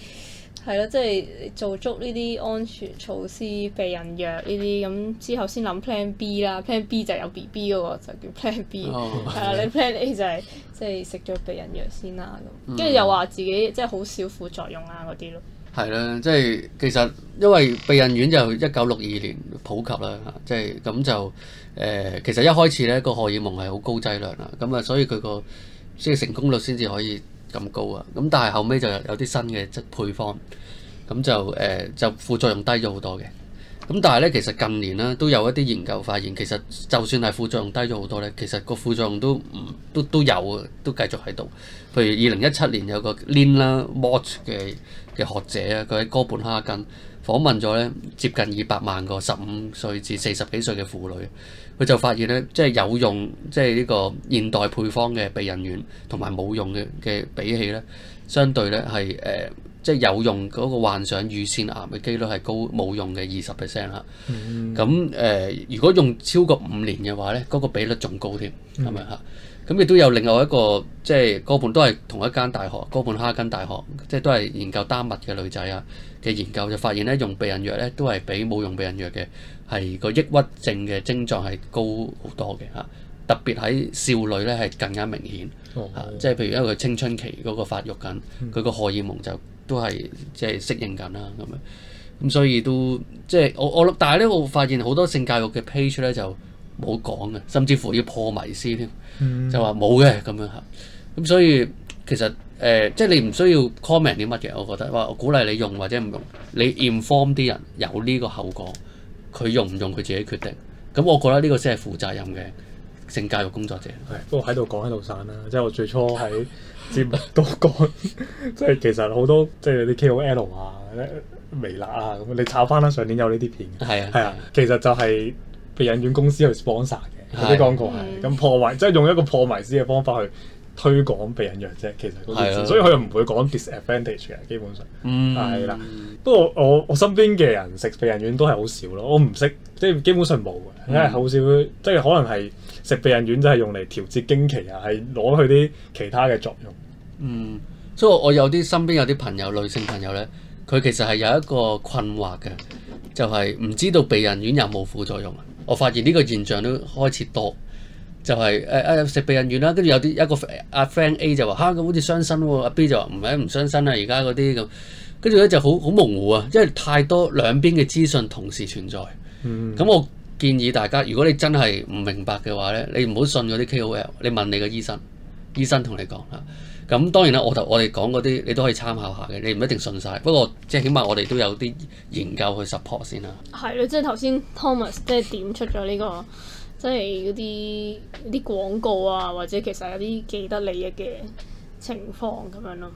係咯，即係、就是、做足呢啲安全措施避人、避孕藥呢啲咁，之後先諗 plan B 啦。 plan B 就有 BB 嗰個就叫 plan B，係啦。你 plan A 就係即係食咗避孕藥先啦，咁跟住又話自己即係好少副作用啊嗰啲咯。係啦，即係其實因為避孕丸就一九六二年普及啦，即係咁就誒、呃，其實一開始咧個荷爾蒙係好高劑量啊，咁啊，所以佢個即係成功率先至可以咁高啊。咁但係後尾就有啲新嘅即配方，咁就誒、呃、就副作用低咗好多嘅。咁但係咧，其實近年咧都有一啲研究發現，其實就算係副作用低咗好多咧，其實個副作用都唔都都有啊，都繼續喺度。譬如二零一七年有個 Lin 啦 Watch 嘅。嘅學者啊，佢喺哥本哈根訪問咗咧接近二百萬個十五歲至四十幾歲嘅婦女，佢就發現咧，即係有用即係呢個現代配方嘅避孕丸，同埋冇用嘅嘅比起咧，相對咧係誒，即係有用嗰個患上乳腺癌嘅機率係高，冇用嘅二十 percent 啦。咁誒、嗯呃，如果用超過五年嘅話咧，嗰、那個比率仲高添，係咪？嚇、嗯。咁亦都有另外一個，即係哥本都係同一間大學，哥本哈根大學，即係都係研究丹麥嘅女仔啊嘅研究，就發現咧用避孕藥咧都係比冇用避孕藥嘅係個抑鬱症嘅症狀係高好多嘅嚇，特別喺少女咧係更加明顯、哦啊、即係譬如因為佢青春期嗰個發育緊，佢個荷爾蒙就都係即係適應緊啦咁樣，咁所以都即係我我，但係咧我發現好多性教育嘅 page 咧就。冇講嘅，甚至乎啲破迷思添，就話冇嘅咁樣吓。咁所以其實誒，即係你唔需要 comment 啲乜嘢。我覺得，我鼓勵你用或者唔用，你 inform 啲人有呢個後果，佢用唔用佢自己決定。咁我覺得呢個先係負責任嘅性教育工作者。係，不過喺度講喺度散啦。即係我最初喺節目都講，即係其實好多即係啲 KOL 啊、微辣啊咁，你炒翻啦。上年有呢啲片，係啊，係啊，其實就係。避孕丸公司去 sponsor 嘅，啲廣告係咁破壞，即係用一個破迷思嘅方法去推廣避孕藥啫。其實嗰件事，的所以佢又唔會講 disadvantage 嘅，基本上係啦。不過、嗯、我我身邊嘅人食避孕丸都係好少咯，我唔識，即係基本上冇嘅，因為好少，嗯、即係可能係食避孕丸即係用嚟調節經期啊，係攞佢啲其他嘅作用。嗯，所以我有啲身邊有啲朋友，女性朋友咧，佢其實係有一個困惑嘅，就係、是、唔知道避孕丸有冇副作用啊。我發現呢個現象都開始多，就係誒食避孕丸啦，跟、哎、住、啊、有啲一個阿 friend、啊、A 就話吓，咁、啊啊、好似傷身喎，阿、啊、B 就話唔係唔傷身啊，而家嗰啲咁，跟住咧就好好模糊啊，因為太多兩邊嘅資訊同時存在。咁、嗯、我建議大家，如果你真係唔明白嘅話咧，你唔好信嗰啲 KOL，你問你個醫生，醫生同你講嚇。啊。咁當然啦，我頭我哋講嗰啲，你都可以參考下嘅，你唔一定信晒。不過即係起碼我哋都有啲研究去 support 先啦。係啦，即係頭先 Thomas 即係點出咗呢個，即係嗰啲啲廣告啊，或者其實有啲既得利益嘅情況咁樣咯。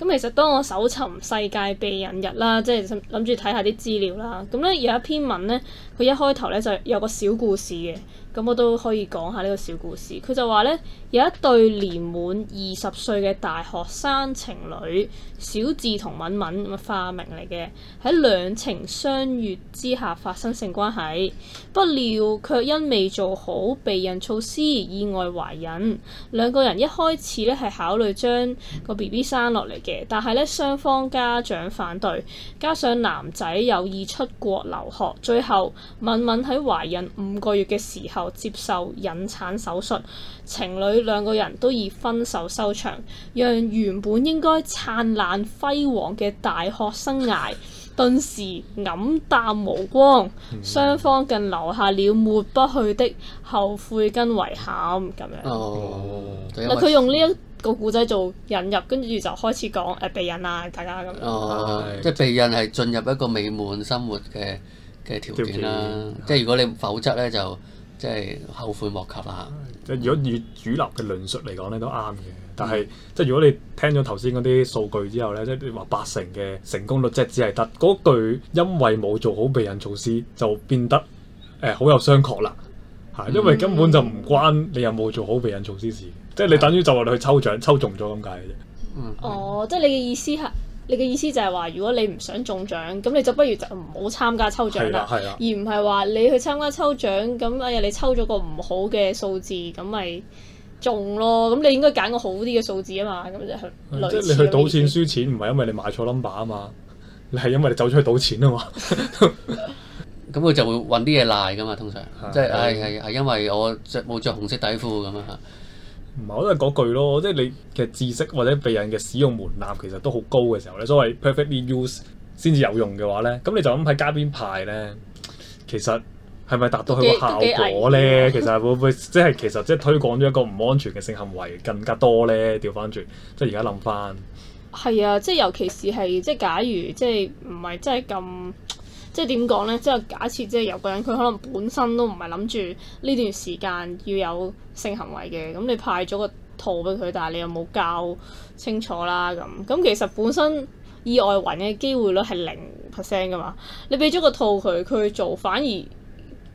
咁其實當我搜尋世界避孕日啦，即係諗住睇下啲資料啦。咁咧有一篇文咧，佢一開頭咧就有個小故事嘅。咁我都可以講下呢個小故事。佢就話呢，有一對年滿二十歲嘅大學生情侶，小智同敏敏咁嘅化名嚟嘅，喺兩情相悅之下發生性關係，不料卻因未做好避孕措施意外懷孕。兩個人一開始呢係考慮將個 BB 生落嚟嘅，但係呢雙方家長反對，加上男仔有意出國留學，最後敏敏喺懷孕五個月嘅時候，接受引產手術，情侶兩個人都以分手收場，讓原本應該燦爛輝煌嘅大學生涯 頓時黯淡無光，雙方更留下了抹不去的后悔跟遺憾。咁樣。哦。嗱，佢用呢一個故仔做引入，跟住就開始講誒、呃、避孕啊，大家咁樣。哦。即係避孕係進入一個美滿生活嘅嘅條件啦。即係如果你否則呢，就。即係後悔莫及啦！即係如果以主流嘅論述嚟講咧，都啱嘅。但係即係如果你聽咗頭先嗰啲數據之後咧，即係你話八成嘅成功率，即係只係得嗰句，因為冇做好避孕措施就變得誒好、呃、有商榷啦嚇，因為根本就唔關你有冇做好避孕措施事，即係你等於就話你去抽獎抽中咗咁解嘅啫。嗯，哦，即係你嘅意思係，你嘅意思就係話，如果你唔想中獎，咁你就不如就唔好參加抽獎啦，而唔係話你去參加抽獎，咁哎呀你抽咗個唔好嘅數字，咁咪中咯。咁你應該揀個好啲嘅數字啊嘛。咁就去即係你去賭錢輸錢，唔係因為你買錯 number 啊嘛，你係因為你走出去賭錢啊嘛。咁 佢 就會揾啲嘢賴噶嘛，通常即係係因為我著冇着紅色底褲咁啊。唔係我都係嗰句咯，即係你嘅知識或者避孕嘅使用門檻其實都好高嘅時候咧，所謂 perfectly use 先至有用嘅話咧，咁你就諗喺街邊派咧，其實係咪達到佢個效果咧？ 其實會唔會即係其實即係推廣咗一個唔安全嘅性行為更加多咧？調翻轉即係而家諗翻，係 啊，即係尤其是係即係假如即係唔係即係咁。即係點講咧？即係假設，即係有個人，佢可能本身都唔係諗住呢段時間要有性行為嘅。咁、嗯、你派咗個套俾佢，但係你又冇教清楚啦。咁、嗯、咁、嗯、其實本身意外懷孕嘅機會率係零 percent 㗎嘛？你俾咗個套佢，佢做反而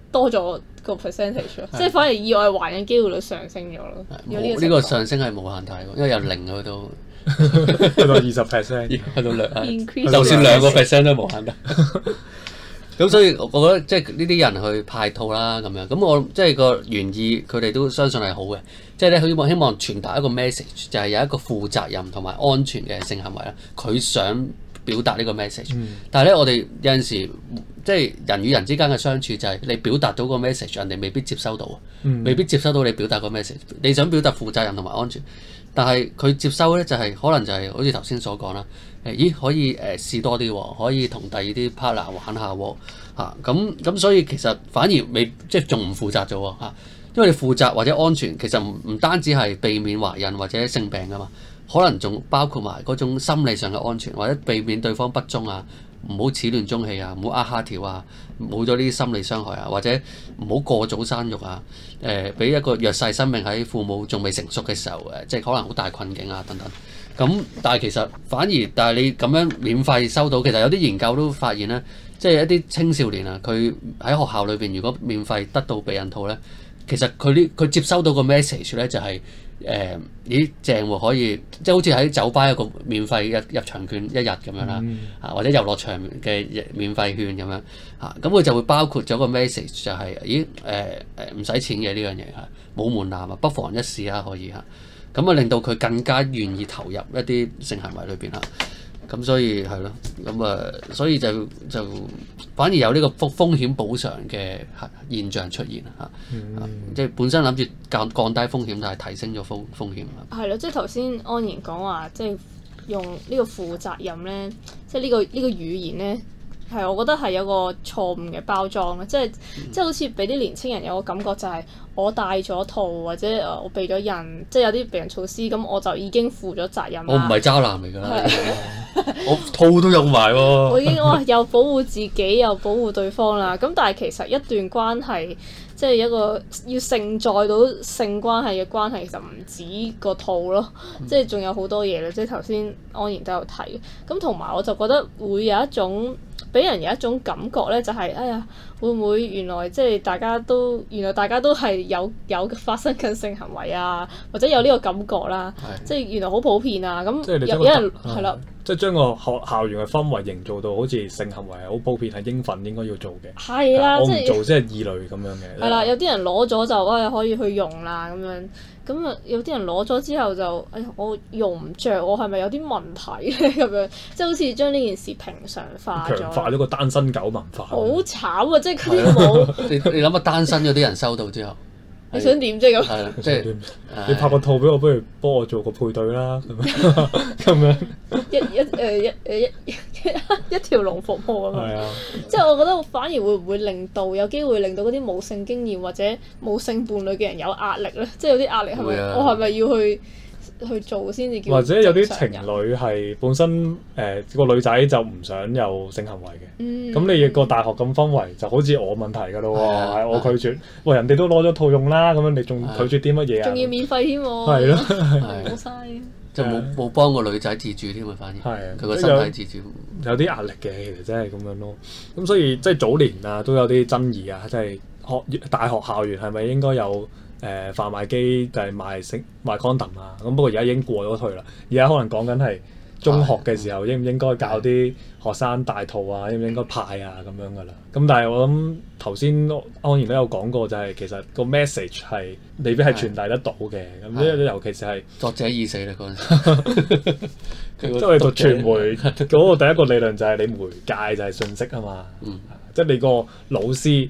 多咗個 percentage，對即係反而意外懷孕機會率上升咗咯。呢個，個上升係無限大喎，因為由零去到二十 percent，去到兩， 就算兩個 percent 都無限大。 咁、嗯、所以，我覺得即係呢啲人去派套啦，咁樣。咁我即係個原意，佢哋都相信係好嘅。即係咧，佢希望希望傳達一個 message，就係、是、有一個負責任同埋安全嘅性行為啦。佢想表達個呢個 message，但係咧，我哋有陣時即係人與人之間嘅相處，就係你表達到個 message，人哋未必接收到，未必接收到你表達個 message。你想表達負責任同埋安全，但係佢接收咧，就係、是、可能就係好似頭先所講啦。咦？可以誒試多啲喎，可以同第二啲 partner 玩下喎，咁、啊、咁、啊啊，所以其實反而未即係仲唔負責咗喎、啊啊，因為你負責或者安全，其實唔唔單止係避免懷孕或者性病噶嘛，可能仲包括埋嗰種心理上嘅安全，或者避免對方不忠啊，唔好始亂終棄啊，唔好呃蝦條啊，冇咗呢啲心理傷害啊，或者唔好過早生育啊，誒、呃，俾一個弱勢生命喺父母仲未成熟嘅時候，誒、啊，即係可能好大困境啊，等等。咁但係其實反而，但係你咁樣免費收到，其實有啲研究都發現咧，即係一啲青少年啊，佢喺學校裏邊如果免費得到避孕套咧，其實佢啲佢接收到個 message 咧就係，誒，咦，正喎，可以，即係好似喺酒吧一個免費入入場券一日咁樣啦，啊，嗯，或者遊樂場嘅免費券咁樣，啊咁佢就會包括咗個 message 就係咦，誒，誒唔使錢嘅呢樣嘢嚇，冇門檻啊，不妨一試下可以嚇。咁啊，令到佢更加願意投入一啲性行為裏邊嚇，咁、啊啊、所以係咯，咁啊，所以就就反而有呢個風風險補償嘅現象出現嚇、啊嗯啊，即係本身諗住降降低風險，但係提升咗風風險。係咯，即係頭先安然講話，即係用呢個負責任咧，即係呢個呢個語言咧。係，我覺得係有個錯誤嘅包裝嘅，即係即係好似俾啲年青人有個感覺就係我戴咗套或者誒我避咗人，即係有啲避孕措施咁，我就已經負咗責任。我唔係渣男嚟㗎，是 我套都有埋喎。我已經哇，又保護自己又保護對方啦。咁但係其實一段關係即係一個要承載到性關係嘅關係，就唔止個套咯，即係仲有好多嘢啦。即係頭先安然都有提，咁同埋我就覺得會有一種。俾人有一種感覺咧、就係，就係哎呀，會唔會原來即係大家都原來大家都係有有發生緊性行為啊，或者有呢個感覺啦，嗯、即係原來好普遍啊，咁即你有人係咯，啊、了即係將個學校園嘅氛圍營造到好似性行為係好普遍係應份應該要做嘅，係啦、啊，即係唔做即係異類咁樣嘅，係啦、就係啊，有啲人攞咗就唉可以去用啦咁樣。咁啊！有啲人攞咗之後就，哎呀，我用唔着，我係咪有啲問題咧？咁樣即係好似將呢件事平常化咗，強化咗個單身狗文化。好慘 啊！即係嗰啲冇你你諗下，單身嗰啲人收到之後。你想點啫咁？即係的 你拍個套俾我，不如幫我做個配對啦，咁樣， 一一誒一誒一一一條龍服務啊嘛。即係的 我覺得我反而會唔會令到有機會令到嗰啲冇性經驗或者冇性伴侶嘅人有壓力咧？即係有啲壓力係咪？啊、我係咪要去？去做先至，或者有啲情侶係本身誒、呃、個女仔就唔想有性行為嘅，咁、嗯、你個大學咁氛圍就好似我問題噶咯喎，我拒絕，哇、嗯哎、人哋都攞咗套用啦，咁樣你仲拒絕啲乜嘢啊？仲要免費添，係咯，冇嘥，就冇冇幫個女仔自主添啊，反而係佢個身體自主有，有啲壓力嘅，其實真係咁樣咯。咁所以即係早年啊都有啲爭議啊，即係學大學校園係咪應該有？誒、呃、販賣機就係賣食賣 condom 啊，咁不過而家已經過咗去啦。而家可能講緊係中學嘅時候，哎嗯、應唔應該教啲學生帶套啊，嗯、應唔應該派啊咁樣噶啦。咁但係我諗頭先安然都有講過、就是，就係其實個 message 係未必係傳達得到嘅。咁呢、哎、因為尤其是係作者已死啦，嗰陣即係讀傳媒嗰個第一個理論就係你媒介就係信息啊嘛。即係、嗯、你個老師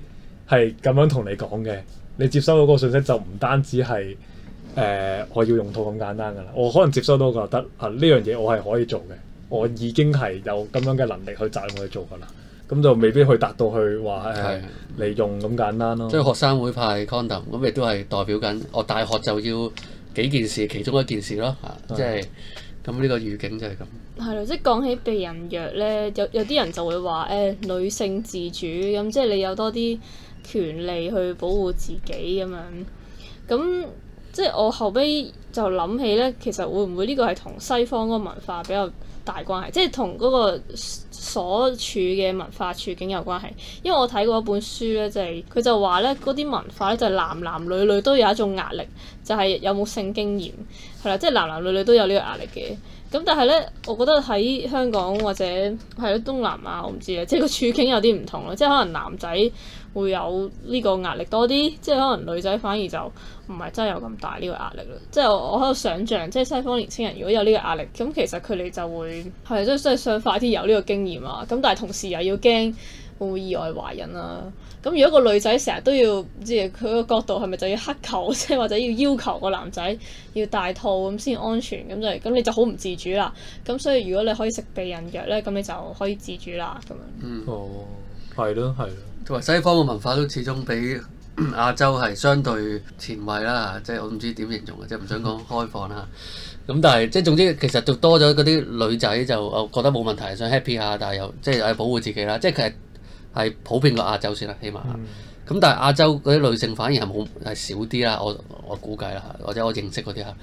係咁樣同你講嘅。你接收到嗰個訊息就唔單止係誒、呃、我要用套咁簡單㗎啦，我可能接收到覺得啊呢樣嘢我係可以做嘅，我已經係有咁樣嘅能力去責任去做㗎啦，咁就未必去達到去話、呃、係你用咁簡單咯。即係學生會派 condom，咁亦都係代表緊，我大學就要幾件事，其中一件事咯嚇、啊就係，即係咁呢個預警就係咁。係咯，即講起避孕藥咧，有有啲人就會話誒、呃、女性自主咁、嗯，即係你有多啲。權利去保護自己咁樣，咁即係我後尾就諗起咧，其實會唔會呢個係同西方嗰個文化比較大關係，即係同嗰個所處嘅文化處境有關係。因為我睇過一本書咧，就係、是、佢就話咧，嗰啲文化咧就係男男女女都有一種壓力，就係、是、有冇性經驗係啦，即係男男女女都有呢個壓力嘅。咁但係咧，我覺得喺香港或者係咯東南亞，我唔知啊，即係個處境有啲唔同咯，即係可能男仔會有呢個壓力多啲，即係可能女仔反而就唔係真係有咁大呢個壓力咯。即係我喺度想像，即係西方年青人如果有呢個壓力，咁其實佢哋就會係即係想快啲有呢個經驗啊。咁但係同時又要驚會唔會意外懷孕啊？咁如果個女仔成日都要，即係佢個角度係咪就要乞求，即係或者要要求個男仔要戴套咁先安全咁就，咁你就好唔自主啦。咁所以如果你可以食避孕藥咧，咁你就可以自主啦咁樣。嗯，哦，係咯，係咯。同埋西方嘅文化都始終比咳咳亞洲係相對前衞啦，即係我唔知點形容，即係唔想講開放啦。咁、嗯、但係即係總之其實多就多咗嗰啲女仔就，我覺得冇問題，想 happy 下，但係又即係又保護自己啦，即係其實。係普遍過亞洲先啦，起碼。咁、嗯、但係亞洲嗰啲女性反而係冇係少啲啦，我我估計啦，或者我認識嗰啲嚇。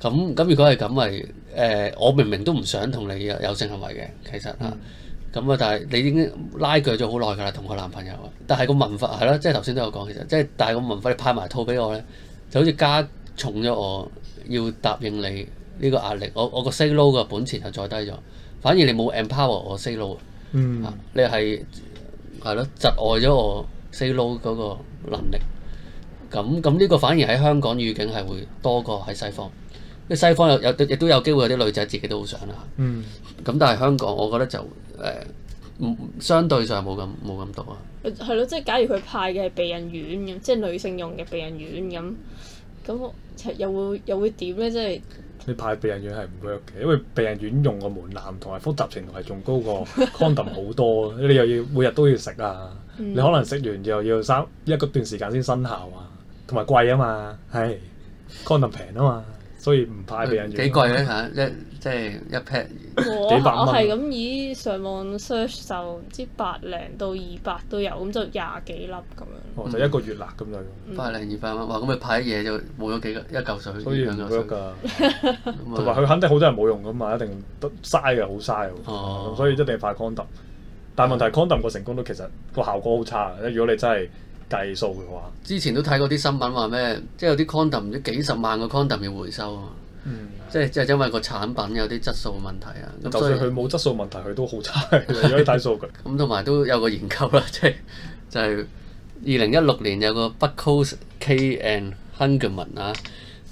咁咁如果係咁咪誒，我明明都唔想同你有性行為嘅，其實啊，咁、嗯、啊，但係你已經拉鋸咗好耐㗎啦，同佢男朋友。但係個文化係咯，即係頭先都有講，其實即係但係個文化你派埋套俾我咧，就好似加重咗我要答應你呢個壓力，我我個 say no 嘅本錢係再低咗。反而你冇 empower 我 say no 啊，嗯、你係。係咯，窒礙咗我 say no 嗰個能力。咁咁呢個反而喺香港預警係會多過喺西方。咁西方有有亦都有機會有啲女仔自己都好想啦。嗯。咁但係香港，我覺得就誒，唔、呃、相對上冇咁冇咁多啊。係咯，即係假如佢派嘅係避孕丸咁，即係女性用嘅避孕丸咁，咁又會又會點咧？即係。你派避孕丸係唔 work 嘅，因為避孕丸用個門檻同埋複雜程度係仲高過 condom 好多， 你又要每日都要食啊，嗯、你可能食完又要三一個段時間先生效啊，同埋貴啊嘛，係 condom 平啊嘛，所以唔派避孕丸。幾、嗯、貴咧、啊、嚇 即係一 pack 幾百蚊，我係咁咦上網 search 就唔知百零到二百都有，咁就廿幾粒咁樣。哦，就一個月啦咁就，百零二百蚊，哇！咁咪派啲嘢就冇咗幾個一嚿水。所以唔得㗎，同埋佢肯定好多人冇用㗎嘛，一定得嘥嘅，好嘥。所以一定係派 condom，但係問題 condom 個成功都其實個效果好差。如果你真係計數嘅話，之前都睇過啲新聞話咩，即係有啲 condom，幾十萬個 condom 要回收。即係即係因為個產品有啲質素問題啊，咁就算佢冇質素問題，佢都好差， 有啲低數嘅。咁同埋都有個研究啦，即係就係二零一六年有個 Bakos K and Hungerman 啊，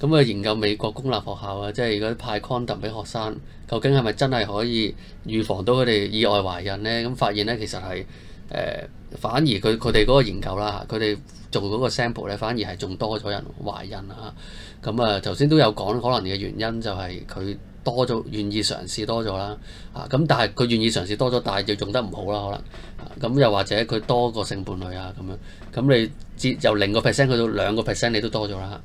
咁啊研究美國公立學校啊，即係如果派 Condom 俾學生，究竟係咪真係可以預防到佢哋意外懷孕咧？咁發現咧，其實係。誒，反而佢佢哋嗰個研究啦嚇，佢哋做嗰個 sample 咧，反而係仲多咗人懷孕啊！咁啊，頭先都有講，可能嘅原因就係佢多咗願意嘗試多咗啦啊！咁但係佢願意嘗試多咗，但係就用得唔好啦，可能咁、啊、又或者佢多個性伴侶啊咁樣，咁、啊、你。由零個 percent 去到兩個 percent，你都多咗啦。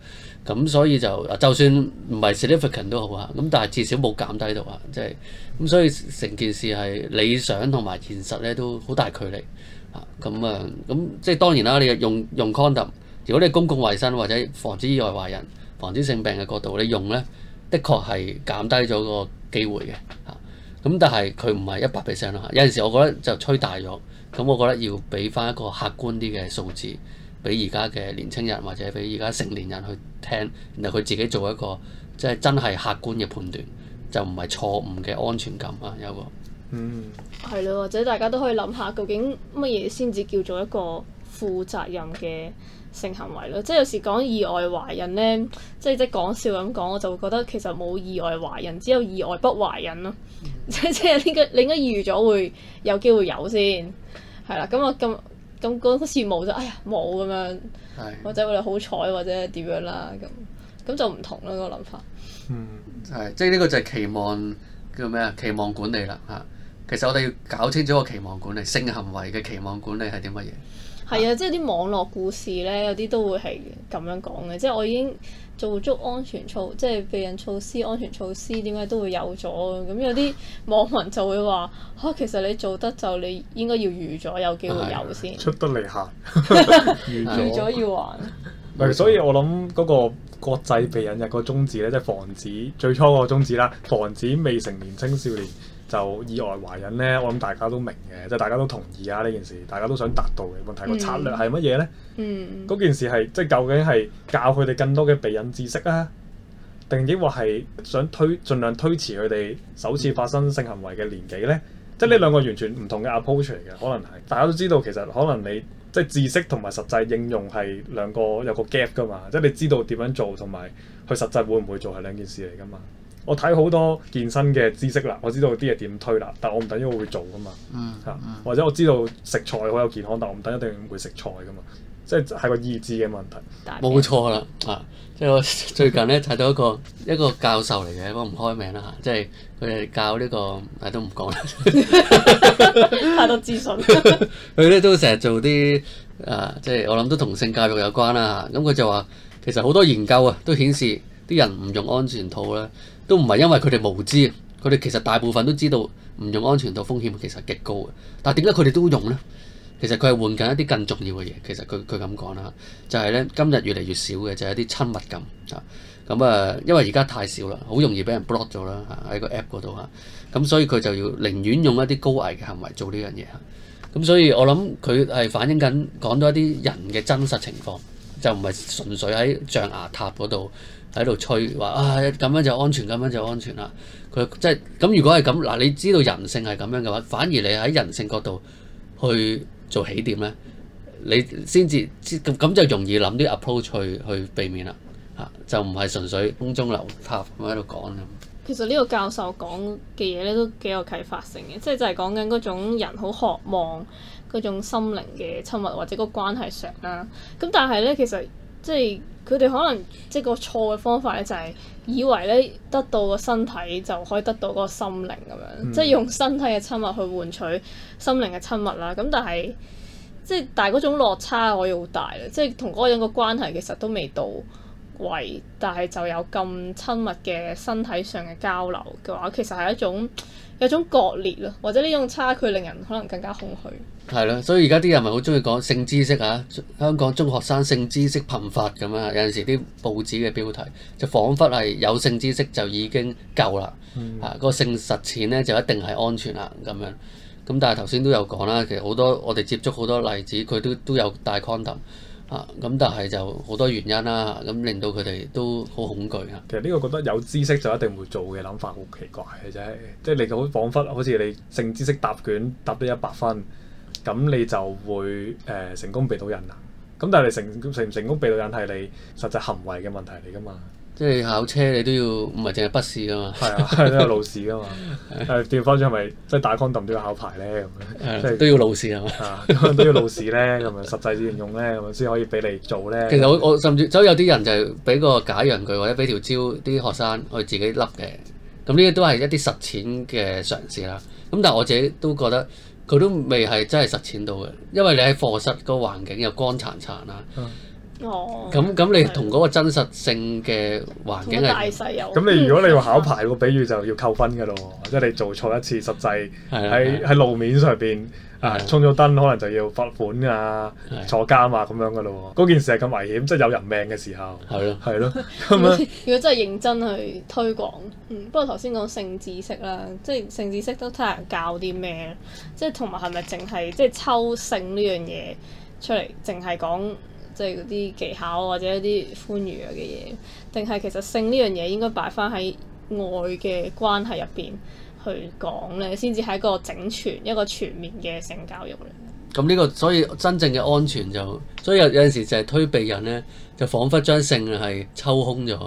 咁所以就就算唔係 significant 都好啊。咁但係至少冇減低到啊，即係咁，所以成件事係理想同埋現實咧都好大距離咁啊，咁、啊、即係當然啦。你用用 condom，如果你公共衞生或者防止意外懷孕、防止性病嘅角度，你用呢，的確係減低咗個機會嘅嚇。咁、啊、但係佢唔係一百 percent 咯。有陣時我覺得就吹大咗，咁我覺得要俾翻一個客觀啲嘅數字。俾而家嘅年青人或者俾而家成年人去聽，然後佢自己做一個即係真係客觀嘅判斷，就唔係錯誤嘅安全感啊！有個嗯，係咯，或者大家都可以諗下，究竟乜嘢先至叫做一個負責任嘅性行為咯？即係有時講意外懷孕呢，即係即係講笑咁講，我就會覺得其實冇意外懷孕，只有意外不懷孕咯。嗯、 即即係你你應該預咗會有機會有先，係啦。咁我咁。咁嗰時冇就哎呀冇咁樣，或者我哋好彩或者點樣啦咁咁就唔同啦、個諗法。嗯，係即係呢個就係期望叫咩啊？期望管理啦嚇。其實我哋要搞清楚個期望管理性行為嘅期望管理係啲乜嘢？係啊，即係啲網絡故事咧，有啲都會係咁樣講嘅。即係我已經做足安全措，即係避孕措施、安全措施，點解都會有咗？咁有啲網民就會話：嚇、啊，其實你做得就，你應該要預咗有機會有先出得嚟嚇。 預咗了 要還。咪所以，我諗嗰個國際避孕日宗旨呢、就是、個宗旨咧，即係防止最初嗰個宗旨啦，防止未成年青少年。就意外懷孕呢，我諗大家都明嘅，即係大家都同意啊呢件事，大家都想達到嘅問題。個、嗯、策略係乜嘢呢？嗰、嗯、件事係即係究竟係教佢哋更多嘅避孕知識啊，定抑或係想推盡量推遲佢哋首次發生性行為嘅年紀呢？嗯、即係呢兩個完全唔同嘅 approach 嚟嘅，可能係大家都知道，其實可能你即係知識同埋實際應用係兩個有個 gap 㗎嘛，即係你知道點樣做同埋佢實際會唔會做係兩件事嚟㗎嘛。我睇好多健身嘅知識啦，我知道啲嘢點推啦，但我唔等於我會做噶嘛嗯。嗯。嚇。或者我知道食菜好有健康，但我唔等於我一定唔會食菜噶嘛。即係係個意志嘅問題。冇錯啦。啊，即係我最近咧睇到一個 一個教授嚟嘅，我唔開名啦嚇。即係佢哋教呢個，誒都唔講啦。 太多資訊 佢咧都成日做啲誒、啊，即係我諗都同性教育有關啦，咁佢就話其實好多研究啊都顯示。啲人唔用安全套咧，都唔係因為佢哋無知，佢哋其實大部分都知道唔用安全套風險其實極高嘅。但係點解佢哋都用呢？其實佢係換緊一啲更重要嘅嘢。其實佢佢咁講啦，就係、是、咧今日越嚟越少嘅就係、是、一啲親密感啊。咁啊，因為而家太少啦，好容易俾人 block 咗啦喺個 app 嗰度嚇。咁、啊啊、所以佢就要寧願用一啲高危嘅行為做呢樣嘢嚇。咁、啊啊、所以我諗佢係反映緊講到一啲人嘅真實情況，就唔係純粹喺象牙塔嗰度。喺度吹話啊，哎，咁樣就安全，咁樣就安全啦。佢即係咁，如果係咁嗱，你知道人性係咁樣嘅話，反而你喺人性角度去做起點咧，你先至咁就容易諗啲 approach 去去避免啦。嚇、啊，就唔係純粹空中樓塔咁喺度講咁。其實呢個教授講嘅嘢咧都幾有啟發性嘅，即係就係講緊嗰種人好渴望嗰種心靈嘅親密或者個關係上啦。咁但係咧，其實即係佢哋可能即係個錯嘅方法咧，就係、是、以為咧得到個身體就可以得到嗰個心靈咁樣，嗯、即係用身體嘅親密去換取心靈嘅親密啦。咁、嗯、但係即係但係嗰種落差可以好大啦。即係同嗰個人個關係其實都未到位，但係就有咁親密嘅身體上嘅交流嘅話，其實係一種。有種割裂咯，或者呢種差距令人可能更加恐懼。係咯，所以而家啲人咪好中意講性知識啊。香港中學生性知識貧乏咁樣，有陣時啲報紙嘅標題就彷彿係有性知識就已經夠啦，嚇個、嗯、性實踐咧就一定係安全啦咁樣。咁但係頭先都有講啦，其實好多我哋接觸好多例子，佢都都有戴 condom。啊，咁但係就好多原因啦、啊，咁、嗯、令到佢哋都好恐懼啊。其實呢個覺得有知識就一定會做嘅諗法好奇怪嘅啫，即係你就好彷彿好似你性知識答卷答到一百分，咁你就會誒、呃、成功避到人啦。咁但係你成成唔成功避到人係你實際行為嘅問題嚟噶嘛？即係考車，你都要唔係淨係筆試噶嘛？係啊，都要路試噶嘛？誒，調翻轉係咪即係打康登都要考牌咧？咁誒都要路試啊，都要路試咧，同埋實際應用咧，咁先可以俾你做咧。其實我 我甚至所以有啲人就係俾個假陽具，或者俾條蕉啲學生去自己笠嘅。咁呢啲都係一啲實踐嘅嘗試啦。咁但係我自己都覺得佢都未係真係實踐到嘅，因為你喺課室個環境又光殘殘啊。嗯哦，咁咁你同嗰個真實性嘅環境大細有？咁 你如果你要考牌，個比喻就要扣分噶咯，嗯、即係你做錯一次、嗯、實際喺喺路面上邊的啊，衝咗燈可能就要罰款啊，的坐監啊咁樣噶咯，嗰件事係咁危險，即係有人命嘅時候。係咯係咯，咁的 樣。 如果真係認真去推廣，不過頭先講性知識啦，即係性知識都睇人教啲咩，即係同埋係咪淨係即係抽性呢樣嘢出嚟，淨係講？即係嗰啲技巧或者一啲歡愉嘅嘢，定係其實性呢樣嘢應該擺翻喺愛嘅關係入邊去講咧，先至係一個整全、一個全面嘅性教育咧。咁呢、呢個所以真正嘅安全就，所以有有陣時就係推避人咧，就仿佛將性係抽空咗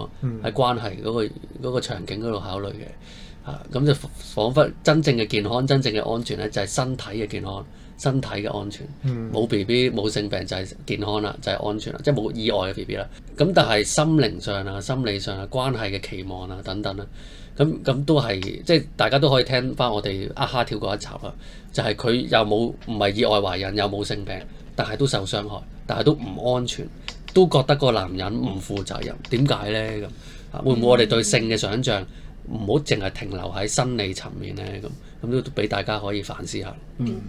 喺關係嗰、嗰個嗰、嗰個嗰個、場景嗰度考慮嘅嚇，咁、啊、就仿佛真正嘅健康、真正嘅安全咧，就係、係、身體嘅健康。身體嘅安全，冇 B B 冇性病就係健康啦，就係安全啦，即係冇意外嘅 B B 啦。咁但係心靈上啊、心理上啊、關係嘅期望啊等等啦、啊，咁咁都係即係大家都可以聽翻我哋啊哈跳過一集啦。就係佢又冇唔係意外懷孕，又冇性病，但係都受傷害，但係都唔安全，都覺得個男人唔負責任。點解呢？咁啊？會唔會我哋對性嘅想像唔好淨係停留喺生理層面呢？咁咁都俾大家可以反思下。嗯。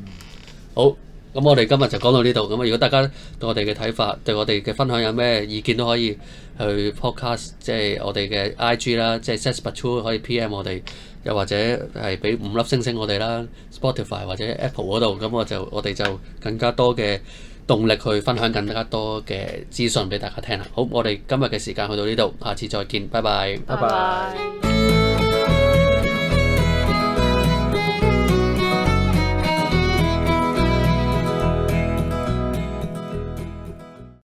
好，咁我哋今日就講到呢度。咁如果大家對我哋嘅睇法，對我哋嘅分享有咩意見，都可以去 podcast，即係我哋嘅 IG 啦，即係 set up 可以 PM 我哋，又或者係俾五粒星星我哋啦。Spotify 或者 Apple 嗰度，咁我就我哋就更加多嘅動力去分享更加多嘅資訊俾大家聽啦。好，我哋今日嘅時間去到呢度，下次再見，拜拜，拜拜。